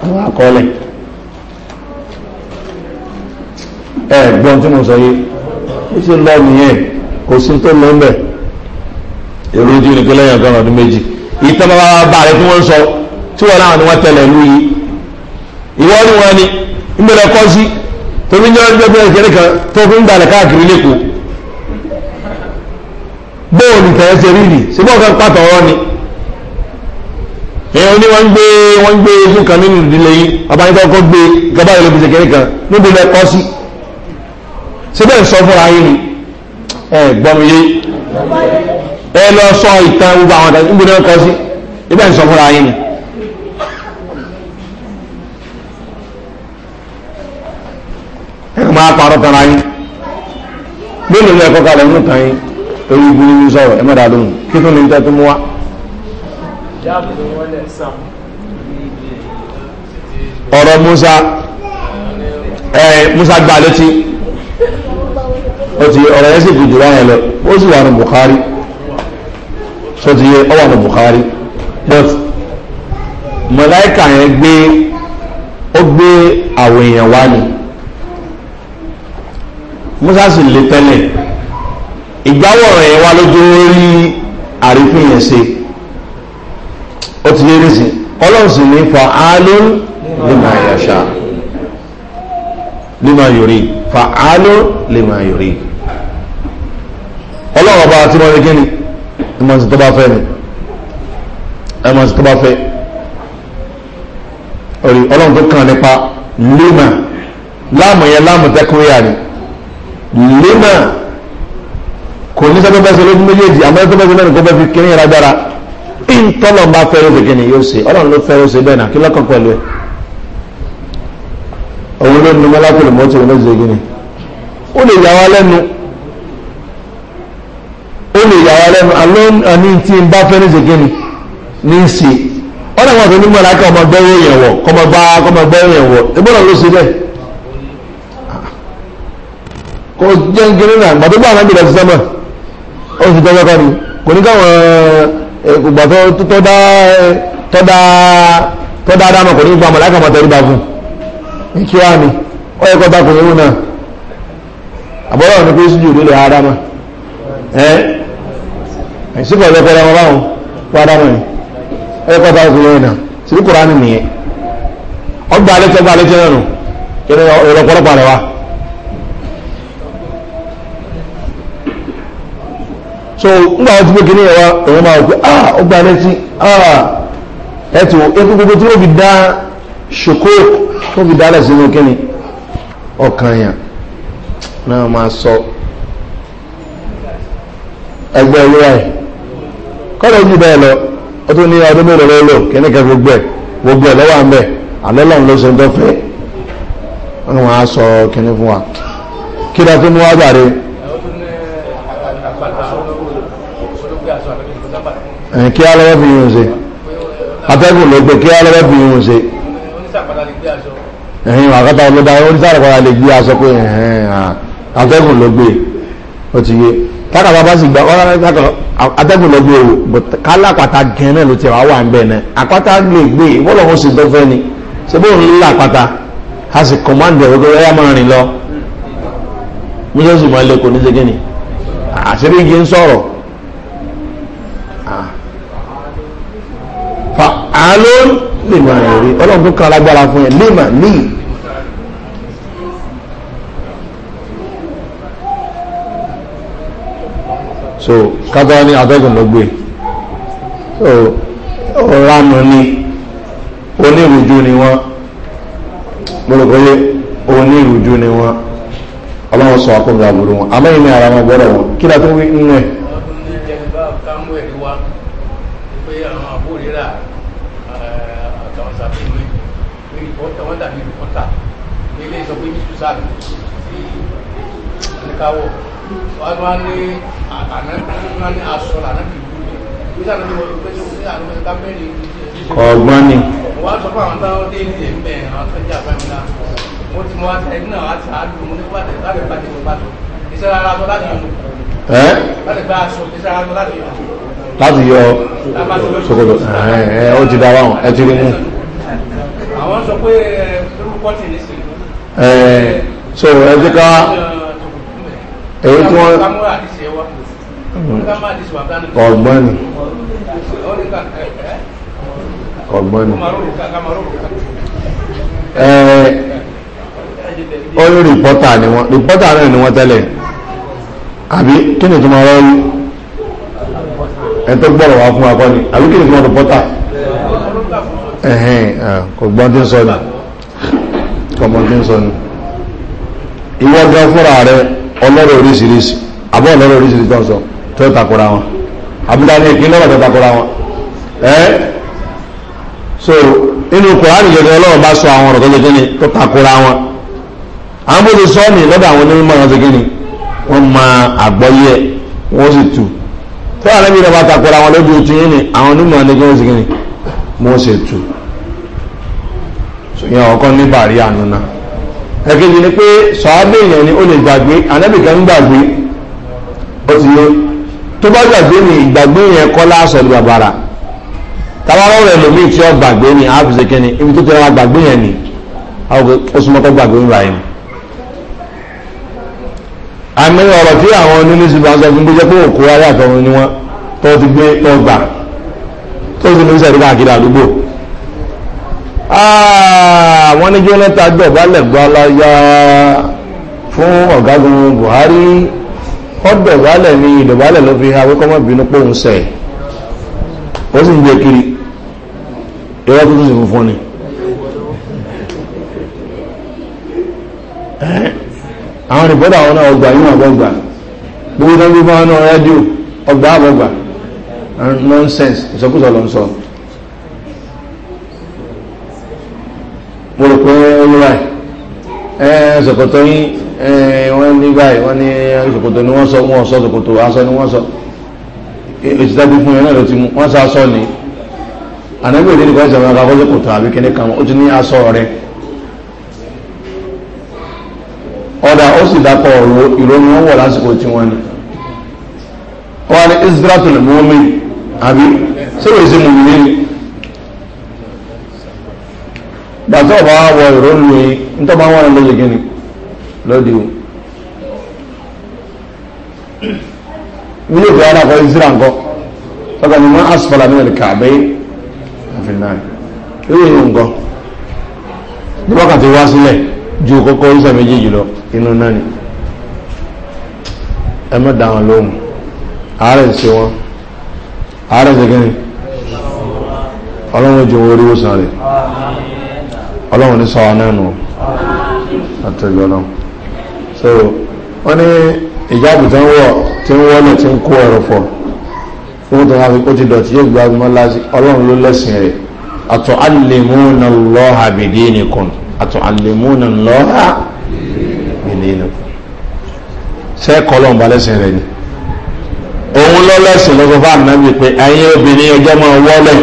àwọn àkọọ́lẹ̀ ẹ gbọ́n tí mo sọ yé ó ti lọ nìyẹn kò sí tó lọ mbẹ èrò ojú ni pé lẹ́yìn ọgọ́rùn ọdún méjì ìtàn bàbá bàbá rẹ tí wọ́n sọ tí wọ́n láwọn ni wọ́n tẹ̀lé lú yìí ìwọ ni wọ́n ni ń bẹ̀rẹ̀ kọ́ sí torí ń jẹ́ ọjọ́ ìkẹ́rẹ́ kan tó fi ń gbalẹ̀ káàkiri lẹ́kọ̀ọ́ bóòlù tẹ̀yẹ́ ṣe rí rí ṣùgbọ́n kan pàtàkì ọ̀rọ̀ èèyàn ní wọ́n ń gbé wọ́n ń gbé fún kan nínú ìdílé yìí bàbá yìí kọ́kọ́ gbé gàbá ìlú fìṣe kéré kan níbi ilẹ̀ kọ́ sí síbẹ̀ ń sọ fúnra yín ni ẹ gbọ́n mi yé ẹ lọ sọ ìtàn gbogbo àwọn àtàkùn níbi ilẹ̀ kọ́ sí síbẹ̀ ń sọ fúnra yín ni. ẹ máa parọ́ tara yín mélòó ni ẹ̀kọ́ kalẹ̀ ń tàn yín ewu ibi ní sọ̀rọ̀ ẹ má dàá lóhùn kí ní tẹ́ tó mú wa ọ̀rọ̀ Musa ẹ̀ Musa gbà létí ọtí ọ̀rọ̀ yẹn sì gbùdù láyẹn lọ ó sì wà ní Bukhari sọtí ọ wà ní Bukhari but mọ̀láìkà yẹn gbé ó gbé àwọn èèyàn wá ni Musa sì lè tẹ́lẹ̀ ìgbáwọ̀ ọ̀rọ̀ yẹn wá lójú orí àrífín yẹn ṣe ọlọ́run sì ní fa áálùn lima yasha lima yòrí fa áálùn lima yòrí ọlọ́run ọba tí wọ́n rí kíni ẹ máa sì tó bá fẹ́ ni ẹ máa sì tó bá fẹ́ orí ọlọ́run tó kàn nípa lima láàmù yẹn láàmù tẹ́kùnrin àní lima kò ní sábẹ́ bẹ́sẹ̀ lójú méjèèjì àmọ́ tó bẹ́sẹ̀ lẹ́nu kó bẹ́ fi kíní yẹn lágbára ntọ́lọ̀ bá fẹ́ lóṣèké ni yóò ṣe ọlọ́run ló fẹ́ lóṣè bẹ́ẹ̀ náà kí lọ́kàn pẹ̀lú ẹ̀ òun ló ní mọ́lákùlù mọ́tò ló ṣe gíní ó lè yà wá lẹ́nu ó lè yà wá lẹ́nu àlọ́ àní tí n bá fẹ́ lóṣèké ni ní í ṣe ọlọ́run wọn tó ní mọ́lákùlù ọmọ gbẹ́rù yẹn wọ̀ kọ́mọ gbá kọ́mọ gbẹ́rù yẹn wọ̀ ìgbọ́dọ̀ ló ṣe bẹ́ẹ̀ kò jẹ́ gíní náà gbàdúgbò àwọn àgbẹ̀dẹ̀ ti sẹ́mọ̀ ó fi tọ́jọ́ kọ́ni kò ní káwọn Eh, gbogbo tó eh, tó dá tó dá tó dá dáná kò ní gba mọ̀láìkà mọ̀ tẹ̀lé bá fún ní kí wá ni ó yẹ kó bá kò níwò náà àbọ̀rọ̀ ní kó síjú ìlú lè ha dáná ẹ sípò ọ̀lẹ́ kọ́ dáná báwọn wá dáná ni ó yẹ kó bá kò níwò náà sírí kùránì nìyẹn ọgbà alẹ́ tẹ́ gbà alẹ́ náà nù ìrọ̀pọ̀lọpọ̀ rẹ̀ wá. so nígbà wọn ti gbé kíní ẹwà ẹ̀wọ̀n máa wípé ah ó gba létí ah ẹ̀tù ẹkú gbogbo tí wọ́n fi dá ṣòkó tó fi dálẹ̀ o kíní ọkàn na náà máa sọ ẹgbẹ́ ìwé ẹ̀ kọ́lọ̀ ojú bẹ́ẹ̀ lọ ó tún ní ọdún mélòó lọ́wọ́ lò kíní kan gbogbo ẹ̀ gbogbo ẹ̀ lọ́wọ́ à ń bẹ̀ àlọ́ lọ́run ló ṣe ń tọ́fẹ́ wọn á sọ kíní fún wa kí lọ́ọ́ tó mú wá bàrẹ́ kí alọ́wọ́ fi yíò ṣe atẹ́gùn ló gbé kí alọ́wọ́ fi yíò ṣe ẹ̀yìn àkátà ọlọ́dá oníṣàràpadà lè gbé aṣọ pé atẹ́gùn ló gbé ó ti yé kákàtà bá sì gbà atẹ́gùn ló gbé o kálápàtà gan náà ló ti wà wà ń bẹ̀ náà àpáta lè gbé ìwọ́lọ́wọ́ sì tó fẹ́ ni ṣe bóun lílà àpáta a sì kọ̀mándẹ̀ wọ́n gbé ẹ̀yà máa rìn lọ mú sọ́sì máa lè kò ní ṣe kí ni àṣírí fa àánú lè máa rẹ̀ rí ọlọ́run tó kan alágbára fún ẹ lè máa níyì so kábọ́ ní abẹ́gùn ló gbé so ọ̀ránù ni onírùjú ni wọ́n gbọ́dọ̀gbọ́yé onírùjú ni wọ́n ọlọ́run sọ akọ́gbà àbúrò wọn àmọ́ ìní ara wọn gbọ́dọ̀ wọn kí la tó wí nínú ẹ̀ zak oníkàwọ̀ wọ́n wá ní àná ní aṣọ àná kì í kú ní nígbà tó wọ́n pé ọgbọ́n ni. wọ́n sọ fún àwọn táwọn dé ní ẹ̀mẹ́ àwọn tó jẹ́ àbáyé náà mo ti mọ ẹni náà àti àádùn mo ní kó láti bá tẹ̀lé bá tó iṣẹ́ rárá tó láti yọ. ẹ́ láti bá aṣọ iṣẹ́ rárá tó láti yọ. láti yọ ṣòkòtò ẹ ẹ ó ti dá wáhùn ẹ ti rí mú. àwọn sọ pé ẹ so ẹ jẹ́ ká èyí tí wọ́n ọ̀gbọ́nì ọ̀gbọ́nì ẹ̀ ó ní rìpọ́tà ni wọ́n rìpọ́tà náà ni wọ́n tẹ́lẹ̀ àbí kí ni tó máa rọ́ yìí ẹ tó gbọ́rọ̀ wá fún akọni àbí kí ni tó máa rìpọ́tà ẹ̀hìn kò gbọ́n tí ń sọ ni kọmọdé ń sọ ni ìwọ gan fúnra rẹ ọlọ́rọ̀ oríṣiríṣi àbọ̀ ọlọ́rọ̀ oríṣiríṣi tó ń sọ tó takora wọn àbúdá ní ìpínlẹ̀ ọ̀rọ̀ tó takora wọn ẹ́ so inú kòránì gẹ́gẹ́ ọlọ́run bá sọ àwọn ọ̀rọ̀ tó jẹ́ kíni tó takora wọn àwọn bó ti sọ ní lọ́dọ̀ àwọn onímọ̀ ọ̀rọ̀ tó kíni wọ́n ma àgbọ́yé ẹ̀ sì tù fún àwọn ẹbí rẹ̀ bá takora wọn lójú ti ni àwọn onímọ̀ ọ̀rọ̀ tó kíni wọ́n sì tù ìyẹn ọ̀kan ní bàrí ànúná ẹ̀kejì ni pé sọ́ábẹ̀ èèyàn ni ó lè gbàgbé anábìkan gbàgbé ó ti yé tó bá gbàgbé ni ìgbàgbé yẹn kọ́ láàṣọ tí ó gbàgbé ni àbùsẹ̀ kẹ́ni ibi tó gbàgbé yẹn ni ó súnmọ́ kọ́ gbàgbé ń ra yẹn àmì ọ̀rọ̀ tí àwọn onílùsí bá ń sọ fún gbéjẹ́ pé òkú ayé àtọ̀run ni wọ́n tó ti gbé tó gbà tó ti ní sẹ́ẹ̀dí káàkiri àdúgbò Ah, wọ́n ní Jonathan dọ̀bálẹ̀ gbalaya fún ọ̀gágun Buhari ó dọ̀bálẹ̀ ní ìdọ̀bálẹ̀ ló fi ha wíkọ́mọ́ bínú pòun sẹ̀ ó sì ń gbé kiri ìwọ́n tó tún sì funfun ni àwọn ìbọ́dà àwọn náà ọgbà yíwọ̀n àgbọ̀gbà gbogbo náà gbogbo àwọn náà rádíò ọgbà àgbọ̀gbà nonsense ìsọkúsọ lọ sọ mo rò pé ó ní báyìí ẹ ṣòkòtò yín wọ́n ní báyìí wọ́n ní ṣòkòtò ni wọ́n sọ wọ́n sọ ṣòkòtò aṣọ ni wọ́n sọ èsìtẹ́bí fún yẹn náà ló ti mú wọ́n sọ aṣọ ni ànábì òde nìkan ṣe àwọn akọ ṣòkòtò àbí kíní kan ó ti ní aṣọ rẹ ọ̀dà ó sì dápọ̀ ọ̀rọ̀ ìròyìn wọn wọ̀ lásìkò tí wọ́n ni, wọ́n ní israel mọ́mí àbí ṣé wèé sí gbàtọ́ ọba wọ ìrọ́lù yìí nítorí bá wọ́n lọ́jọ́ gíní lọ́dí o ilé ìfẹ́ alákọ̀ ìsira nǹkan tọ́ka ni wọ́n asfọ́lá ní ẹ̀ka àbẹ́ àfin náà lórí ìlú nǹkan ní wákàtí wá sílẹ̀ ju kọ́kọ́ ìṣẹ́ méjèèjì lọ inú náà ni ẹ mọ́ da wọn lóhùn ààrẹ ṣe wọn ààrẹ ṣe gíní ọlọ́run jù wọ́n orí wọ́sàn rẹ̀ ọlọ́run ní sọ́wọ́ náà nù àtẹ̀gbẹ̀ ọlọ́run so wọ́n ní ìjáàbù tó ń wọ̀ tí ń wọ́lẹ̀ tí ń kó ẹ̀rọ fọ̀ fún tó wá fi kó ti dọ̀tí yóò gba ọmọ láti ọlọ́run ló lẹ́sìn rẹ̀ àtọ̀ alẹ́múnà lọ́ha bìdí nìkan àtọ̀ alẹ́múnà lọ́ha bìdí nìkan sẹ́ẹ̀kọ́ ọlọ́run bá lẹ́sìn rẹ̀ ni òun lọ lẹ́sìn lọ́sọ fún ànábì pé ẹ̀yin obìnrin ẹjọ́ máa wọ́lẹ̀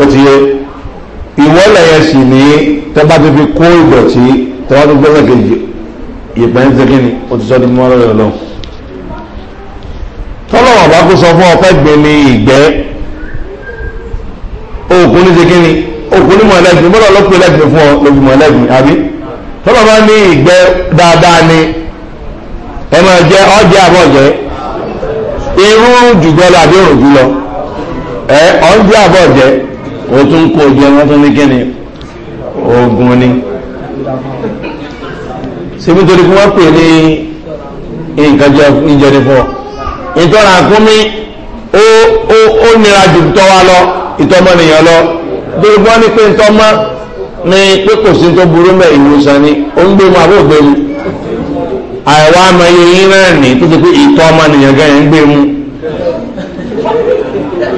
ó ti yẹ ìwọ́lẹ̀ yẹn sì ní tọ́ba tó fi kó ìdọ̀tí tọ́ba tó gbọ́dọ̀ kejì ìpẹ́ ń segin ni ó ti sọ́ di mọ́ lọ́rọ̀ lọ. tọ́lọ́wọ̀n bá kó sọ fún ọpẹ́ gbé ní ìgbẹ́ òkun ní segin ni òkun ní mọ̀lẹ́gbìn bọ́lá ló pè lẹ́gbìn fún ọ lóbi mọ̀lẹ́gbìn àbí tọ́lọ́ bá ní ìgbẹ́ dáadáa ni ẹ máa jẹ ọjẹ́ àbọ̀jẹ́ irú jùgbọ́ làbí òrùn jùlọ ẹ ọjẹ́ àbọ̀jẹ́ ó tún kó jẹ wọ́n tún ní kíni ogun ni síbi torí fún wọn pè ní nǹkan ìjẹni fún ọ ìtọ́ra àkúnmí ó nira jù tọ́wa lọ ìtọ́mọnìyàn lọ torí fún wọn ní pé ntọ́mọ ní pé kò sí tó burú mẹ ìwòsàn ni ó ń gbé mu àbó gbé mu àìwá ọmọ yìnyín náà ní tó ti pé ìtọ́mọnìyàn gẹ́gẹ́ ń gbé mu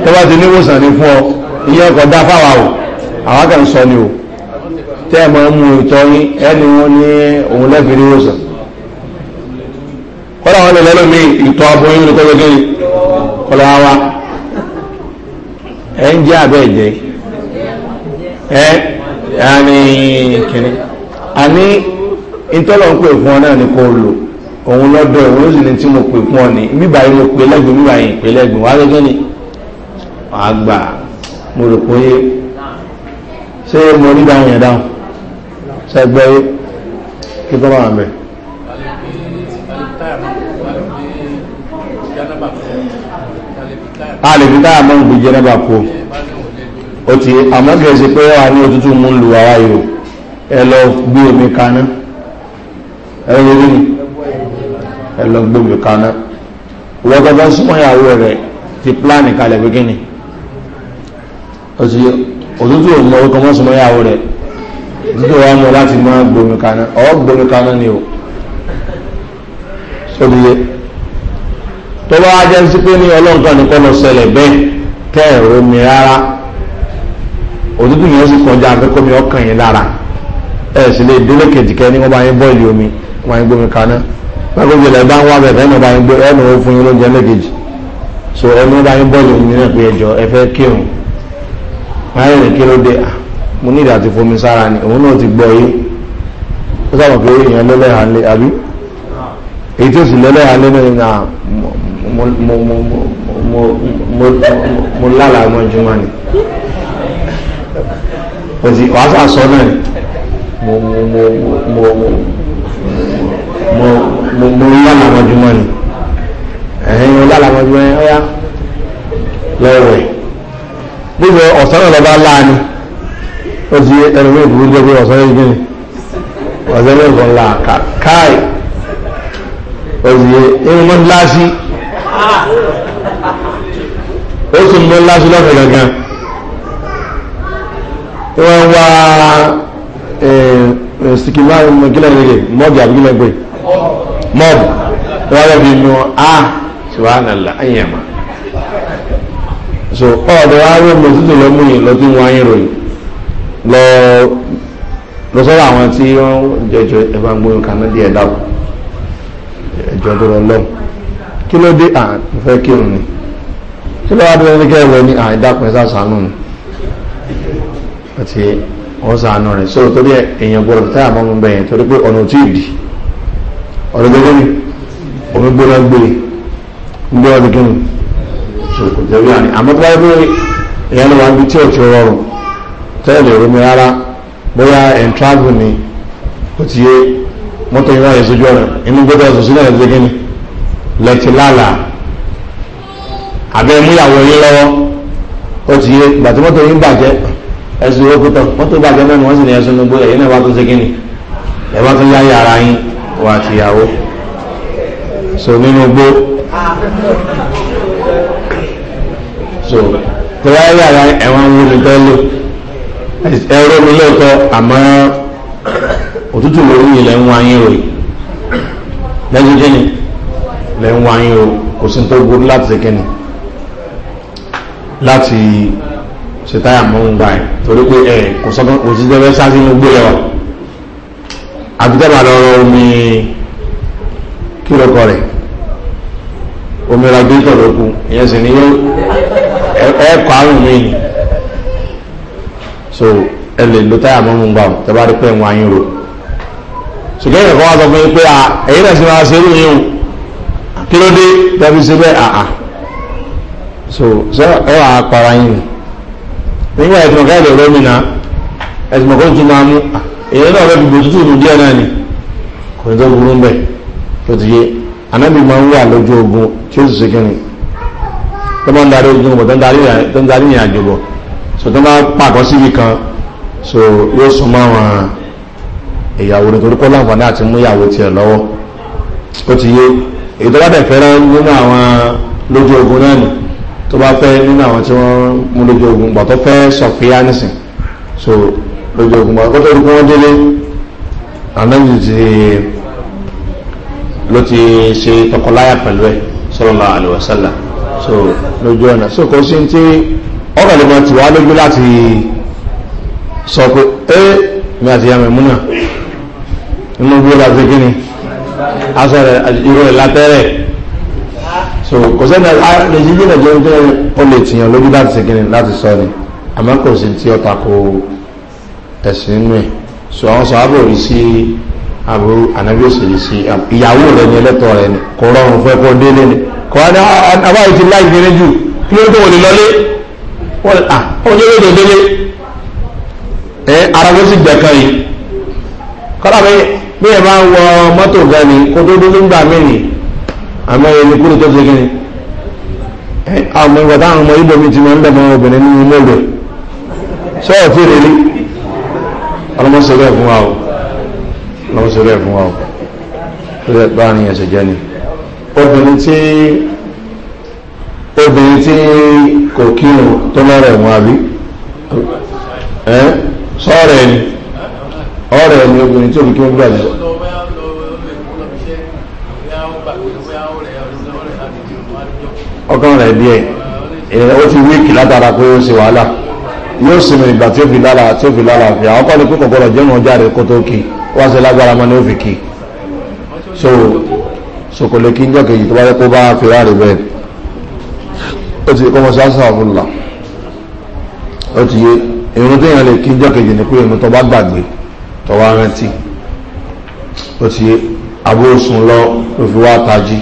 tó bá ti níwòsàn ni fún ọ ìyẹn kò dá fáwa o àwa kàn sọ ni o tẹ́ ẹ̀ máa ń mu ìtọ́ yín ẹni wọn ní òun lẹ́fẹ̀ẹ́ ní wòsàn kọ́lá wọn lè lọ́lọ́ mi ìtọ́ aboyún ní kọ́lọ́ kéde kọ́lá wa ẹ̀ ń jẹ́ abẹ́ ìjẹ́ ẹ̀ ẹni kìnnì àní ìtọ́lọ̀ ń pè fún ọ náà ni kò lò òun lọ́dọ̀ òun sì ní tí mo pè fún ọ ní bíbáyìí mo pè lẹ́gbẹ̀ẹ́ bíbáyìí pè lẹ́gbẹ̀ẹ́ wá gẹ́gẹ́ ni wàá gbà á mo rò pé ṣé mo rí dáhùn yẹn dáhùn ṣẹgbẹ́ kí kọ́ máa bẹ̀. a lè fi táyà mọ́ nǹkan jẹ́ náà kó o ti àmọ́ kìí ṣe pé wà ní òtútù mú lu ara yìí o ẹ lọ gbé omi kaná ẹ lọ rí ni ẹ lọ gbé omi kaná wọ́n gbọ́dọ̀ súnmọ́ ìyàwó rẹ̀ ti pílánì kalẹ̀ pé kí ni ọtí òtútù òmùmọ̀ orúkọ mọ́sùmọ́ yàwó rẹ̀ òtútù wa mọ̀ láti máa gbomi kaná ọ̀ gbomi kaná ni o sóbìyẹ tó bá wá jẹ́ sí pé ní ọlọ́nkan nìkan lọ ṣẹlẹ̀ bẹ́ẹ̀ tẹ́ ẹ̀rọ mi rárá òtútù yẹn sì kọjá akẹ́kọ̀ọ́ mi ọkàn yẹn lára ẹ̀ sì lè délé kejìkẹ́ ní wọ́n bá yín bọ́ọ̀lì omi wọ́n bá yín gbomi kaná lágbègbè rẹ̀ bá ń wá bẹ̀rẹ̀ ẹ̀nà bá yín gbé ẹ̀nà ó fún yín lóúnjẹ lẹ́gẹ̀jì so ẹ̀nà bá yín bọ́ọ̀lì omi náà pé ẹjọ́ ẹ fẹ́ kírun máa rìn kí ló dé mo ní ìdá ti fomi sára ni òun náà ti gbọ́ yé ó sábà pé èèyàn lọ́lẹ́hàn lé àbí èyí tó sì lọ́lẹ́hàn lé náà nà mo lálàá mọ́ jùmọ̀ ni òtí wàá sà sọ náà ni mo lálàá mọ́ jùmọ̀ ni ẹ̀yìn mo lálàá mọ́ jùmọ̀ ni ọ̀yá lọ́wọ́ ẹ̀ gbogbo ọ̀sán náà lọ́ba láàánú ó ti ẹnu mi ìbúrú jẹ́ pé ọ̀sán yìí gbìn ọ̀sán náà kò là káì ó ti ẹnu mọ́ láásí ó sì mọ́ láásí lọ́fẹ̀ẹ́ gangan wọ́n wá sikima kílẹ̀ nílẹ̀ mọ́ọ̀bù àbí kílẹ̀ gbé mọ́ọ̀bù wọ́n rẹ̀ bí inú a ṣùgbọ́n àná là ń yẹ̀ mọ́ so ọ̀dọ̀ arúgbó mọ̀tútù ló mú yìí lọ tí wọ́n á yín ròyìn lọ lọ sọ́dọ̀ àwọn tí wọ́n jẹjọ ẹ̀fà gbóyún kaná díẹ̀ dáwọ̀ ẹ̀jọ̀ tó lọ lọ́wọ́ kí ló dé à ń fẹ́ kírun ni kí ló wá dé lọ́dún kẹrìnwó ni à ń dákun ẹ̀sà sànù ni àti wọ́n sànù rẹ̀ so torí èèyàn gbọ́dọ̀ táyà mọ́ mi bẹ̀yẹn torí pé ọ̀nà tí ì di ọ̀nà gbẹ́gbẹ́ mi òun gbọ́dọ̀ gbé gbọ́dọ̀ kírun so kò jẹ́ wíwá ni àmọ́ tó báyìí pé ìyẹn ló wà níbi tí òkè rọrùn tẹ́lẹ̀ rómi rárá bóyá ẹ̀ ń tíráàbù ni ó ti yé mọ́tò yìí wáyé sójú ọ̀rẹ́ inú gbọ́dọ̀ ẹ̀sùn sílẹ̀ ẹ̀ dégé ni lẹ́tì lálà àbẹ́ múyàwó yín lọ́wọ́ ó ti yé gbàtí mọ́tò yìí bàjẹ́ ẹ̀sùn ìwé kútọ̀ mọ́tò bàjẹ́ mẹ́rin wọ́n sì ní ẹ̀sùn gbogbo ẹ̀yìn náà wá tó ṣe so tẹ́wáyé yàrá ẹ̀wọ̀n wo ni tẹ́ lò ẹ̀rọ mi lóòótọ́ àmọ́ òtútù lórí ilẹ̀ ń wáyé o lẹ́yìn kíni lẹ́ ń wáyé o kò sí tó burú láti ṣe kíni láti ṣe táyà mọ́ ń gbà ẹ̀ torí pé ẹ̀ kò sọ́kàn kò sí tẹ́fẹ́ sá sínú gbé lẹ́wà àbítẹ́bà lọ́rọ́ omi kí lóko rẹ̀ omi ra gbé tọ̀ lókun ìyẹn sì ni yóò ẹ̀ẹ́kọ̀ àrùn mi ni so ẹ lè lo táyà mọ́mú gbà ọ́ tẹ́ bá rí pé wọn ayé ro ṣùgbọ́n ẹ̀kọ́ wa sọ fún yín pé à ẹ̀yin náà sì máa ṣe irú yín o kí ló dé tẹ́bí ṣe bẹ́ẹ̀ àà so sọ ẹ wà á para yín ni nígbà ẹ̀sìn ọ̀gá ẹ̀dẹ̀ rómìnà ẹ̀sìn ọ̀gá ọ̀tún máa mú èyí náà fẹ́ fi bòtú tù tù díẹ̀ náà ni kò ní tó burú bẹ́ẹ̀ tó ti yé anábì máa ń wà lójú ogun tí ó sì ṣe kí ni tó bá ń darí ojúmọ̀ bọ̀ tó ń darí ìrìn bọ̀ so tó bá pàgọ́ síbi kan so yóò sún mọ́ àwọn ìyàwó rẹ̀ torí kọ́lá àǹfààní àti mú ìyàwó tiẹ̀ lọ́wọ́ ó ti yé èyí tó bá dẹ̀ fẹ́ràn nínú àwọn lójú ogun náà nì tó bá fẹ́ nínú àwọn tí wọ́n mú lójú ogun gbà tó fẹ́ sọ̀fíà nísìn so lójú ogun gbà tó tó rí kí wọ́n délé ànájú ti ló ti ṣe tọkọláyà pẹ̀lú ẹ̀ sọ́lọ́lá àlùwàsálà so lójú ọ̀nà so kò sí tí ọkọ̀lẹ́gbọ̀n ti wá lójú láti sọ pé ẹ́ mi àti ìyá mẹ́múnà inú gbé láti gíní asọ̀rẹ̀ irú rẹ̀ látẹ́rẹ̀ so kò sẹ́ni àlejò bí nàìjíríà jẹ́ ó lè tìyàn lójú láti ṣe gíní láti sọ ni àmọ́ kò sí tí ọta ko ẹ̀sìn inú ẹ̀ so àwọn sọ àbò rí sí àbò ànábíyèsè rí sí ìyàwó rẹ̀ ní ẹlẹ́tọ̀ rẹ̀ ni kò rọrùn fẹ́ kó délé ni kọ́ ní abáyé ti láì gbére jù kí ló ń tó wọlé lọlé wọ́n à ọjọ́ ló délé ẹ ara ló sì gbẹ̀ kan yìí kọ́lá mi bí ẹ bá ń wọ mọ́tò gan ni kó tó dúdú gbà mí nì àmọ́ ẹ ní kúrò tó ṣe kí ni ẹ àwọn ìgbà táwọn ọmọ ibòmí ti máa ń bẹ̀ mọ́ obìnrin nínú mọ́lẹ̀ sọ́ọ̀ fèrè rí ọlọ́mọ́sọ̀rọ̀ ẹ̀ fún wa o ọlọ́mọ́sọ̀rọ̀ ẹ̀ fún wa o tó bá a nìyẹn ṣe jẹ́ ni obìnrin tí obìnrin tí kò kírun tó lọ́rọ̀ ẹ̀wọ̀n àbí sọ́ọ̀rọ̀ ẹni ọ̀rọ̀ ẹni obìnrin tí òbí kí wọ́n gbàgbé. ọkàn rẹ̀ díẹ̀ ó ti wíìkì látara pé ó ṣe wàhálà yóò sinmi ìgbà tí ó fi lára tí ó fi lára fi àwọn kọ́ni pé kòkòrò jẹ́nu ọjà rẹ̀ kó tó kì wá sí lágbára mọ́ ni ó fi kì so sokòlè kí njọ́ kejì tó bá yẹ kó bá fìràrí bẹ́ẹ̀ ó ti kọ́ mọ́ sáásá àfúnlá ó ti yé irun tó yàn lè kí njọ́ kejì ní pé irun tó bá gbàgbé tó wá rántí ó ti yé abóosùn lọ ló fi wá tají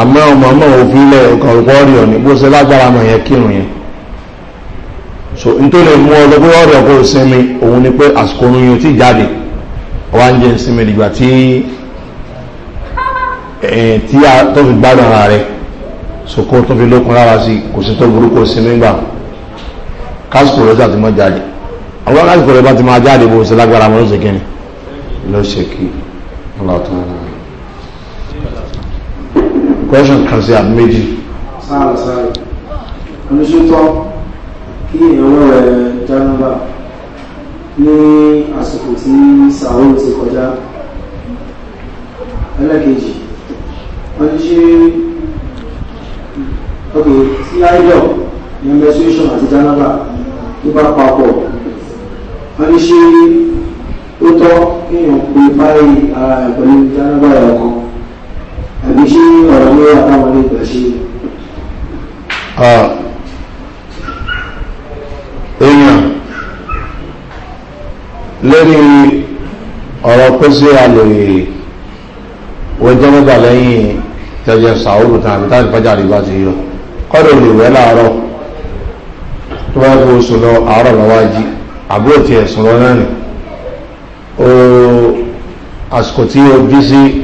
àmọ́ ọmọ ọmọ òfin ilẹ̀ ọkàn òkú ọ̀rì ọ̀ni bó ṣe lágbára mọ̀ yẹn kírun yẹn so nítorí mú ọ lọ́gbọ́ ọ̀rì ọkọ̀ òsinmi òun ni pé àsìkò oorun ti jáde ọwá ń jẹ́ ìsinmi nígbà tí Eh, tí a tó fi gbádùn ara rẹ̀ sòkó tó fi lókun lára sí kò sí tó burúkú sí nígbà kásìkò rẹ̀ láti mọ́ jáde àwọn kásìkò rẹ̀ bá ti máa jáde bó ṣe lágbára mọ́ lọ́sẹ̀ kí ni lọ́sẹ̀ kí ọlọ́tún ọ̀nà question kan sí àbí méjì. sáà sáà oníṣètò kí ìyàwó rẹ̀ jánábà ní àsìkò tí sàwọn ti kọjá ẹlẹ́kejì wọ́n ti ṣe ok tí idol ní menstruation àti janaba tó bá papọ̀ wọ́n ti ṣe ó tọ́ kéèyàn pé báyìí ara ẹ̀ pẹ̀lú janaba ẹ̀ kan ọ̀rọ̀ ní àtàwọn ilé ìgbà ọ̀rọ̀ pé ṣé a lè lẹ́yìn jẹjẹ sàúrù tàbí tàbí fájàrí bá ti yọ kọ́dọ̀ lè wẹ́ láàárọ̀ tó bá kó oṣù lọ àárọ̀ lọ́wọ́ jí àbúrò ti ẹ̀sùn lọ náà nì àsìkò tí ó bí sí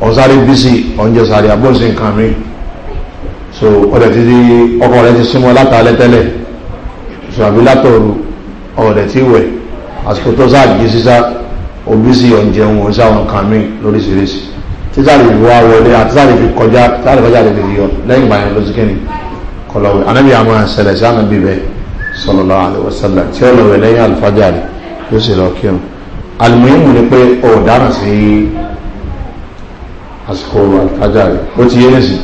ọ̀sáré bí sí ọ̀njẹ sàrí àbóǹsì nǹkan mi so ọ̀dẹ̀ ti di ọkọ̀ rẹ̀ ti súnmọ́ látàlẹ́ tẹ́lẹ̀ so àbí látọ̀rù ọ̀dẹ̀ ti wẹ̀ àsìkò tó sáà jí sísá òbí sí ọ̀njẹun òṣàwọn nǹkan mi lóríṣiríṣi tí sáré fi wá wọlé àti sáré fi kọjá sáré kọjá lè lè yọ lẹ́yìn ìgbà yẹn ló ti kẹ́ni kọlọ́wé anábìyà máa ṣẹlẹ̀ sí anábì bẹ́ẹ̀ sọlọ́lá àlẹ́wọ̀sálà tí ó lọ́wẹ́ lẹ́yìn àlùfájà rẹ̀ ló sì lọ kírun alùmọ́yìnmù ni pé ó dáná sí àsìkò àlùfájà rẹ̀ ó ti yé nìsí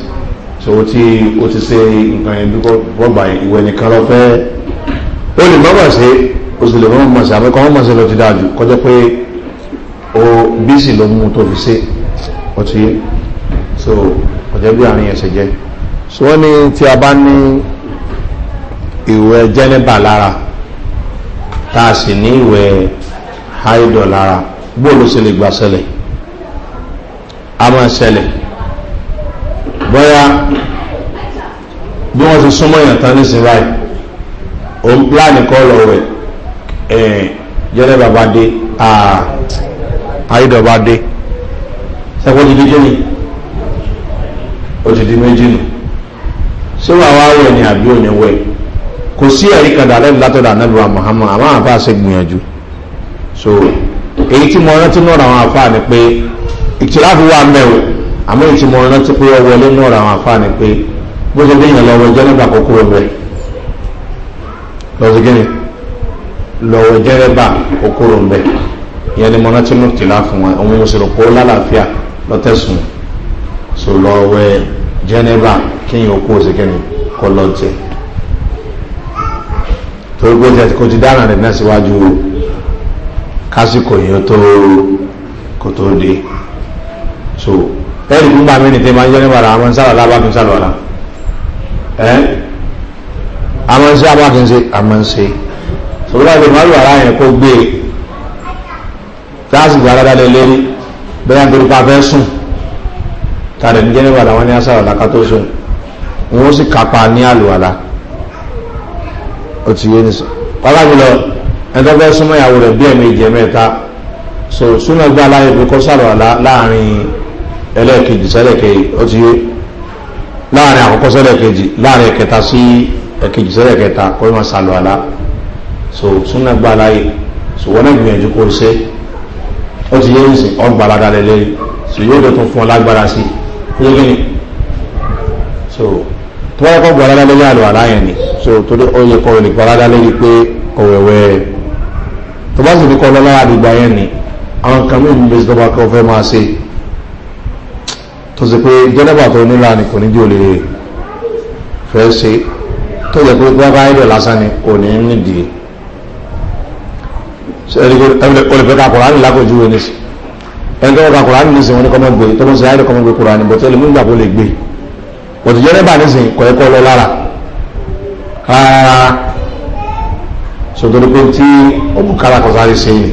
so ó ti ó ti ṣe nǹkan yẹn bí wọ́gbà ìwẹ̀ nìkan lọ fẹ́ ó lè mọ́ mọ̀ sí ó sì lè mọ́ mọ̀ sí àbẹ́kọ́ mọ̀ sí lọ ti dáa jù kọjá pé ó bísì ló mú tó fi ṣe ó ti yé so ọ̀jẹ́ bí àárín ẹ̀sẹ̀ jẹ́ so wọ́n ní tí a bá ní ìwẹ̀ jẹ́nẹ́bà lára tá a sì ní ìwẹ̀ haidọ̀ lára bóòlù sì lè gbà sẹlẹ̀ a máa sẹlẹ̀ bóyá bí wọ́n ti súnmọ́ èèyàn tán nísìnyí báyìí òun pílánì kọ́ lọ wẹ̀ jẹ́nẹ́bà bá dé haidọ̀ bá dé ẹ̀kọ́ ti di kíni ó ti di méjì nù ṣé wàá wá wẹ̀ ni àbí òní wẹ̀ kò sí ẹ̀rí kan dàlẹ́ látọ̀dọ̀ anábìwá muhammad àwọn àfa ṣe gbìyànjú so èyí tí mo rántí náà àwọn àfa ni pé ìtìláfi wà mẹ́wò àmọ́ èyí tí mo rántí pé ọ wọlé náà àwọn àfa ni pé bó ṣe déyìn lọ́wọ́ jẹ́ nígbà kókó rẹ̀ lọ́sí kíni lọ́wọ́ jẹ́ nígbà kókó rẹ̀ ìyẹn ni mo rántí náà ìtìláfi wọn òun mo sì rò pé lálàáfíà lọ́tẹ̀sùn so lọ wẹ jẹnẹba kéèyàn okú òsèkéni kọ lọ jẹ torí pé tẹ kò ti dára rẹ náà síwájú o kásìkò yẹn tó kò tó dé so ẹ̀rì gbúgbà mi ni tẹ máa ń jẹnẹba rà àwọn sálọ alábàkún sálọ rà ẹ àwọn sí abákin sí àmọ́ sí sọlá ìdè máa ń wà láyẹn kó gbé gáàsì gbàgádà lé lérí bẹ́ẹ̀ nítorí pa fẹ́ sùn tàdé ní jẹ́nẹ́bà làwọn ní àṣà àlàkà tó sùn wọ́n sì kápá ní àlùwàlà ó ti yé nìsọ pàápàá jùlọ ẹjọ́ fẹ́ súnmọ́ ìyàwó rẹ̀ bí ẹ̀mí mẹ́ta so súnmọ́ gbá láyé pé kọ́ sàlùwàlà láàrin ẹlẹ́ẹ̀kejì sẹ́lẹ̀kejì ó ti yé láàrin àkọ́kọ́ sẹ́lẹ̀kejì láàrin ẹ̀kẹta sí ẹ̀kejì sẹ́lẹ̀kẹta kọ́ ìmọ̀ sàlùwàlà so súnmọ́ gbá láyé so wọ́n náà gbìyànjú kó ṣe é ó ti yé nísìn ọgbàlagbà lẹ lẹ́yìn so yóò lè tún fún ọ lágbára sí i yé kíni so tí wọ́n yẹ kó gbàlagbà lẹ́yìn àlọ́ ni so torí ó yẹ kó lè gbàlagbà lẹ́yìn pé ọ̀wẹ̀wẹ̀ tó bá sì ní kọ́ lọ́lá àdìgbà yẹn ni àwọn kan mí lè sọ́ba kó fẹ́ máa ṣe tó sì pé jẹ́nẹ́bà tó nílà ni kò ní jò lè fẹ́ ṣe tó yẹ kó gbàgbà ẹ̀dọ̀ lásán ni ò ní nídìí olùfẹ́ ka kùránì lákòjú wo ní sí ẹni tó ka kùránì ní sí wọn ní kọ́mọ́ gbé tó ń sọ ayélujára kọ́mọ́ gbé kùránì bó tẹ́lẹ̀ múgbà kó lè gbé òtújọ́ rẹ̀ bá ní sí kọ́ ẹ̀kọ́ lọ lára rárá sọtọ́ni pé tí ọ̀bùkárà kọ́ sáré sí yìí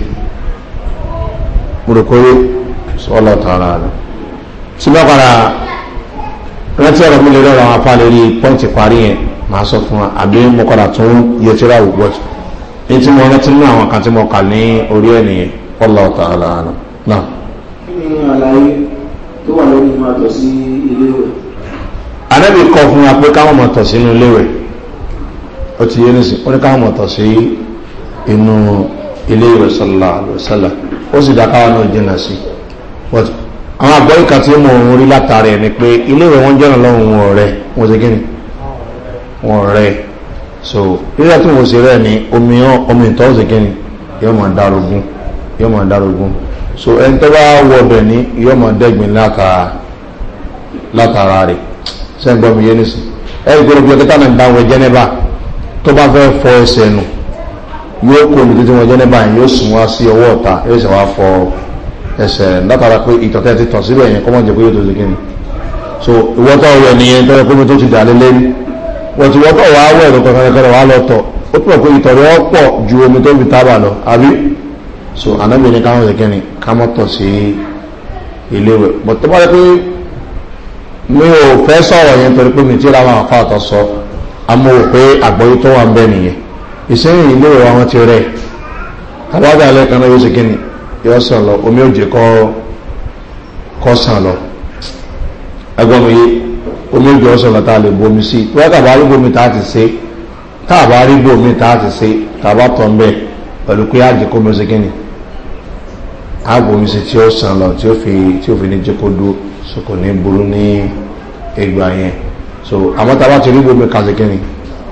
mùrùkóyè sọ́ọ́lá tààrà rẹ̀ síbẹ̀ padà rántí ọ̀rọ̀ mi lè rọrùn apá lórí pọ́ǹtì parí yẹn màá sọ fún wa àbí mo padà tún yẹtí ra òwúgbọ́tò ní tí mo rántí nínú àwọn kan tí mo kà ní orí ẹ̀ nìyẹn kọ́lá ọ̀tá àlàáná náà. kí ni àlàyé tó wà lórí máa tọ̀ sí ilé rẹ̀. anábì kọ fún wa pé káwọn máa tọ̀ sínú ilé rẹ̀ ó ti yé nísìn ó ní káwọn máa tọ̀ sí inú ilé rẹ̀ sọ̀lá àlùsálà ó sì dá káwọn náà jìnnà sí àwọn àgbọ̀ ìka tí mo ń rí látara ẹ̀ ni pé ilé rẹ̀ wọ́n jọ̀nà lọ́wọ́ wọn ọ̀rẹ́ wọn ṣe kí ni wọn ọ̀rẹ́ so rírà tí wọ́n ṣe rẹ̀ ni omi omi tó ṣe kí ni yóò máa darogun yóò máa darogun so ẹni tó bá wọ ọbẹ̀ ní yóò máa dẹ́gbin látara rẹ̀ sẹ́ńgbọ́n mi yé nísìn ẹ̀rí pé ọbẹ̀ kẹta náà ń bá wọn jẹ́nẹ́bà tó bá fẹ́ fọ ẹsẹ̀ nù yóò kó omi títí wọn jẹ́nẹ́bà yóò sùn wá sí ọwọ́ ọ̀ta yóò sì wá fọ ẹsẹ̀ látara pé ìtọ̀tẹ́ ti tọ̀ síbẹ̀ yẹn kọ́mọ̀ jẹ́ pé yóò tó ṣe kí ni so ìwọ́tọ̀ ọ̀rọ̀ ẹ̀nìyẹn tó yẹ kó mi tó ti dà lé lẹ́yìn wọ́n ti wọ́tọ̀ wá wẹ̀ lọ kankankan wá lọ tọ̀ ó túnbọ̀ pé ìtọ̀ rẹ̀ ju omi tó fi tábà lọ àbí so ànábì ní káwọn ìkẹrin ká mọ́ tọ̀ sí ilé wẹ̀ bọ̀ tó bá rẹ pé mi ò fẹ́ sọ̀rọ̀ yẹn torí pé mi ti ra àwọn àfa àtọ̀ sọ àmọ́ wò pé àgbọ̀yé tó wà ń bẹ́ nìyẹn ìsẹ́yìn ilé wẹ̀ wọn ti rẹ̀ tàbádà omi ìjọ sọ̀rọ̀ lè bomi sí i wọ́n tàbá rí bomi tá a ti ṣe tàbá rí bomi tá a ti ṣe tàbá tọ̀ ń bẹ̀ pẹ̀lú pé àjẹ kó mẹ́sẹ̀ kínní á bomi sí tí ó sàn lọ tí ó fi tí ó fi ní jẹ́ kó dúró so kò ní burú ní ìgbà yẹn so àmọ́ tàbá ti rí bomi ká ṣe kínní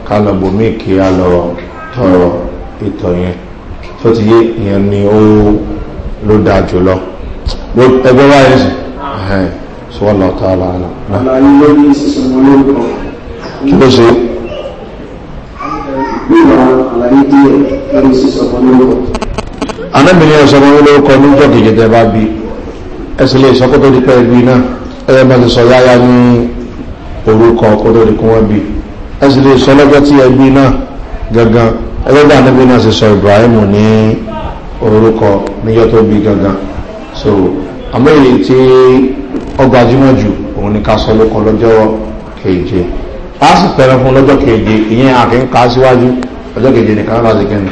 ká lọ bomi kí á lọ tọrọ ìtọ̀ yẹn tó ti yé ìyẹn ni ó ló dáa jùlọ ẹgbẹ́ wáyé sí. Ah sọ́wọ́lá ọ̀tá àlàálà. àlàyé lórí ìsìsọ̀mọ́ lórúkọ. kí ló ṣe. gbígbà àlàyé díẹ̀ lórí ìsìsọ̀mọ́ lórúkọ. anábìnrin ọ̀sọ̀mọ́ lórúkọ níjọ́ gẹ̀gẹ̀dẹ̀ bá bí ẹsẹ̀ lè sọ kótó dípẹ́ ibi náà ẹ̀yẹ́ bá ti sọ yáyá ní orúkọ kótó dípẹ́ wọn bí ẹsẹ̀ lè sọ lọ́jọ́ tí ẹbí náà gangan ẹlọ́dà anábìnrin náà sì sọ ibrahim ní orúkọ níjọ́ tó bí gangan so àmọ́ èyí tí ọgbàjúmọ̀ jù òun ni ká sọ lóko lọ́jọ́ keje a sì pẹ̀rẹ̀ fún lọ́jọ́ keje ìyẹn àfi ń ká síwájú ọjọ́ keje nìkan láti kẹ́ni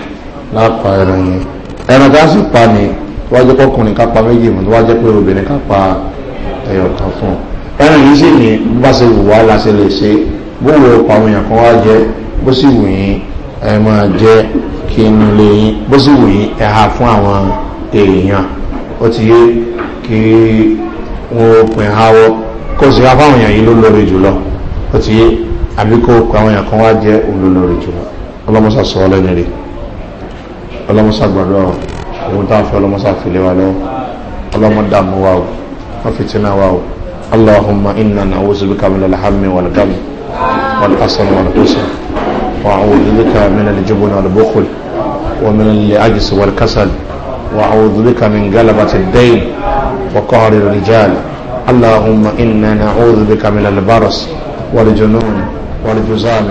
lápá ẹran yẹn ká sì pa ni wájú kọkùnrin ká pa méjì mọ̀ tó wájú pé obìnrin ká pa ẹyọ kan fún ẹran yìí sì ní bá ṣe wù wá la ṣe lè ṣe bó wo pàwọn èèyàn kan wá jẹ bó sì wù yín ẹ máa jẹ kí inú lè yín bó sì wù yín ẹ fún àwọn èèyàn ó ti yé kí wọn ò pin àwọ kó o sì wá fáwọn èèyàn yìí ló lórí jùlọ ó ti yé àbí kó o pa àwọn èèyàn kan wá jẹ́ olólórí jùlọ ọlọ́mọsà sọ ọlẹ́ni rè ọlọ́mọsà gbọ́dọ̀ ohun tá a fẹ́ ọlọ́mọsà fìlé wa lọ́wọ́ ọlọ́mọdàmú wa o wọ́n fi tẹ́ná wa o allahumma inna na owó síbi kàmílẹ̀ alhamdi wàlgàmù wàlhassan wàlhussan وأعوذ بك من الجبن والبخل ومن العجز والكسل وأعوذ بك من غلبة الدين وقهر الرجال اللهم إنا نعوذ بك من البرص والجنون والجزام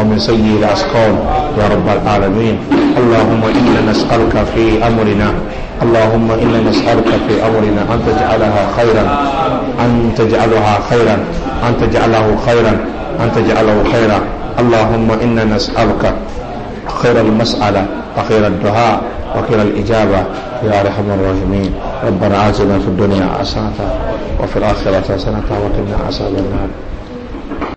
ومن سيء الأسقال يا رب العالمين اللهم إنا نسألك في أمرنا اللهم إنا نسألك في أمرنا أن تجعلها خيرا أن تجعلها خيرا أن تجعله خيرا أن تجعله خيرا اللهم إنا نسألك خير المسألة وخير الدعاء وخير الإجابة يا أرحم الراحمين ربنا آتنا في الدنيا حسنة وفي الآخرة حسنة وقنا عذاب النار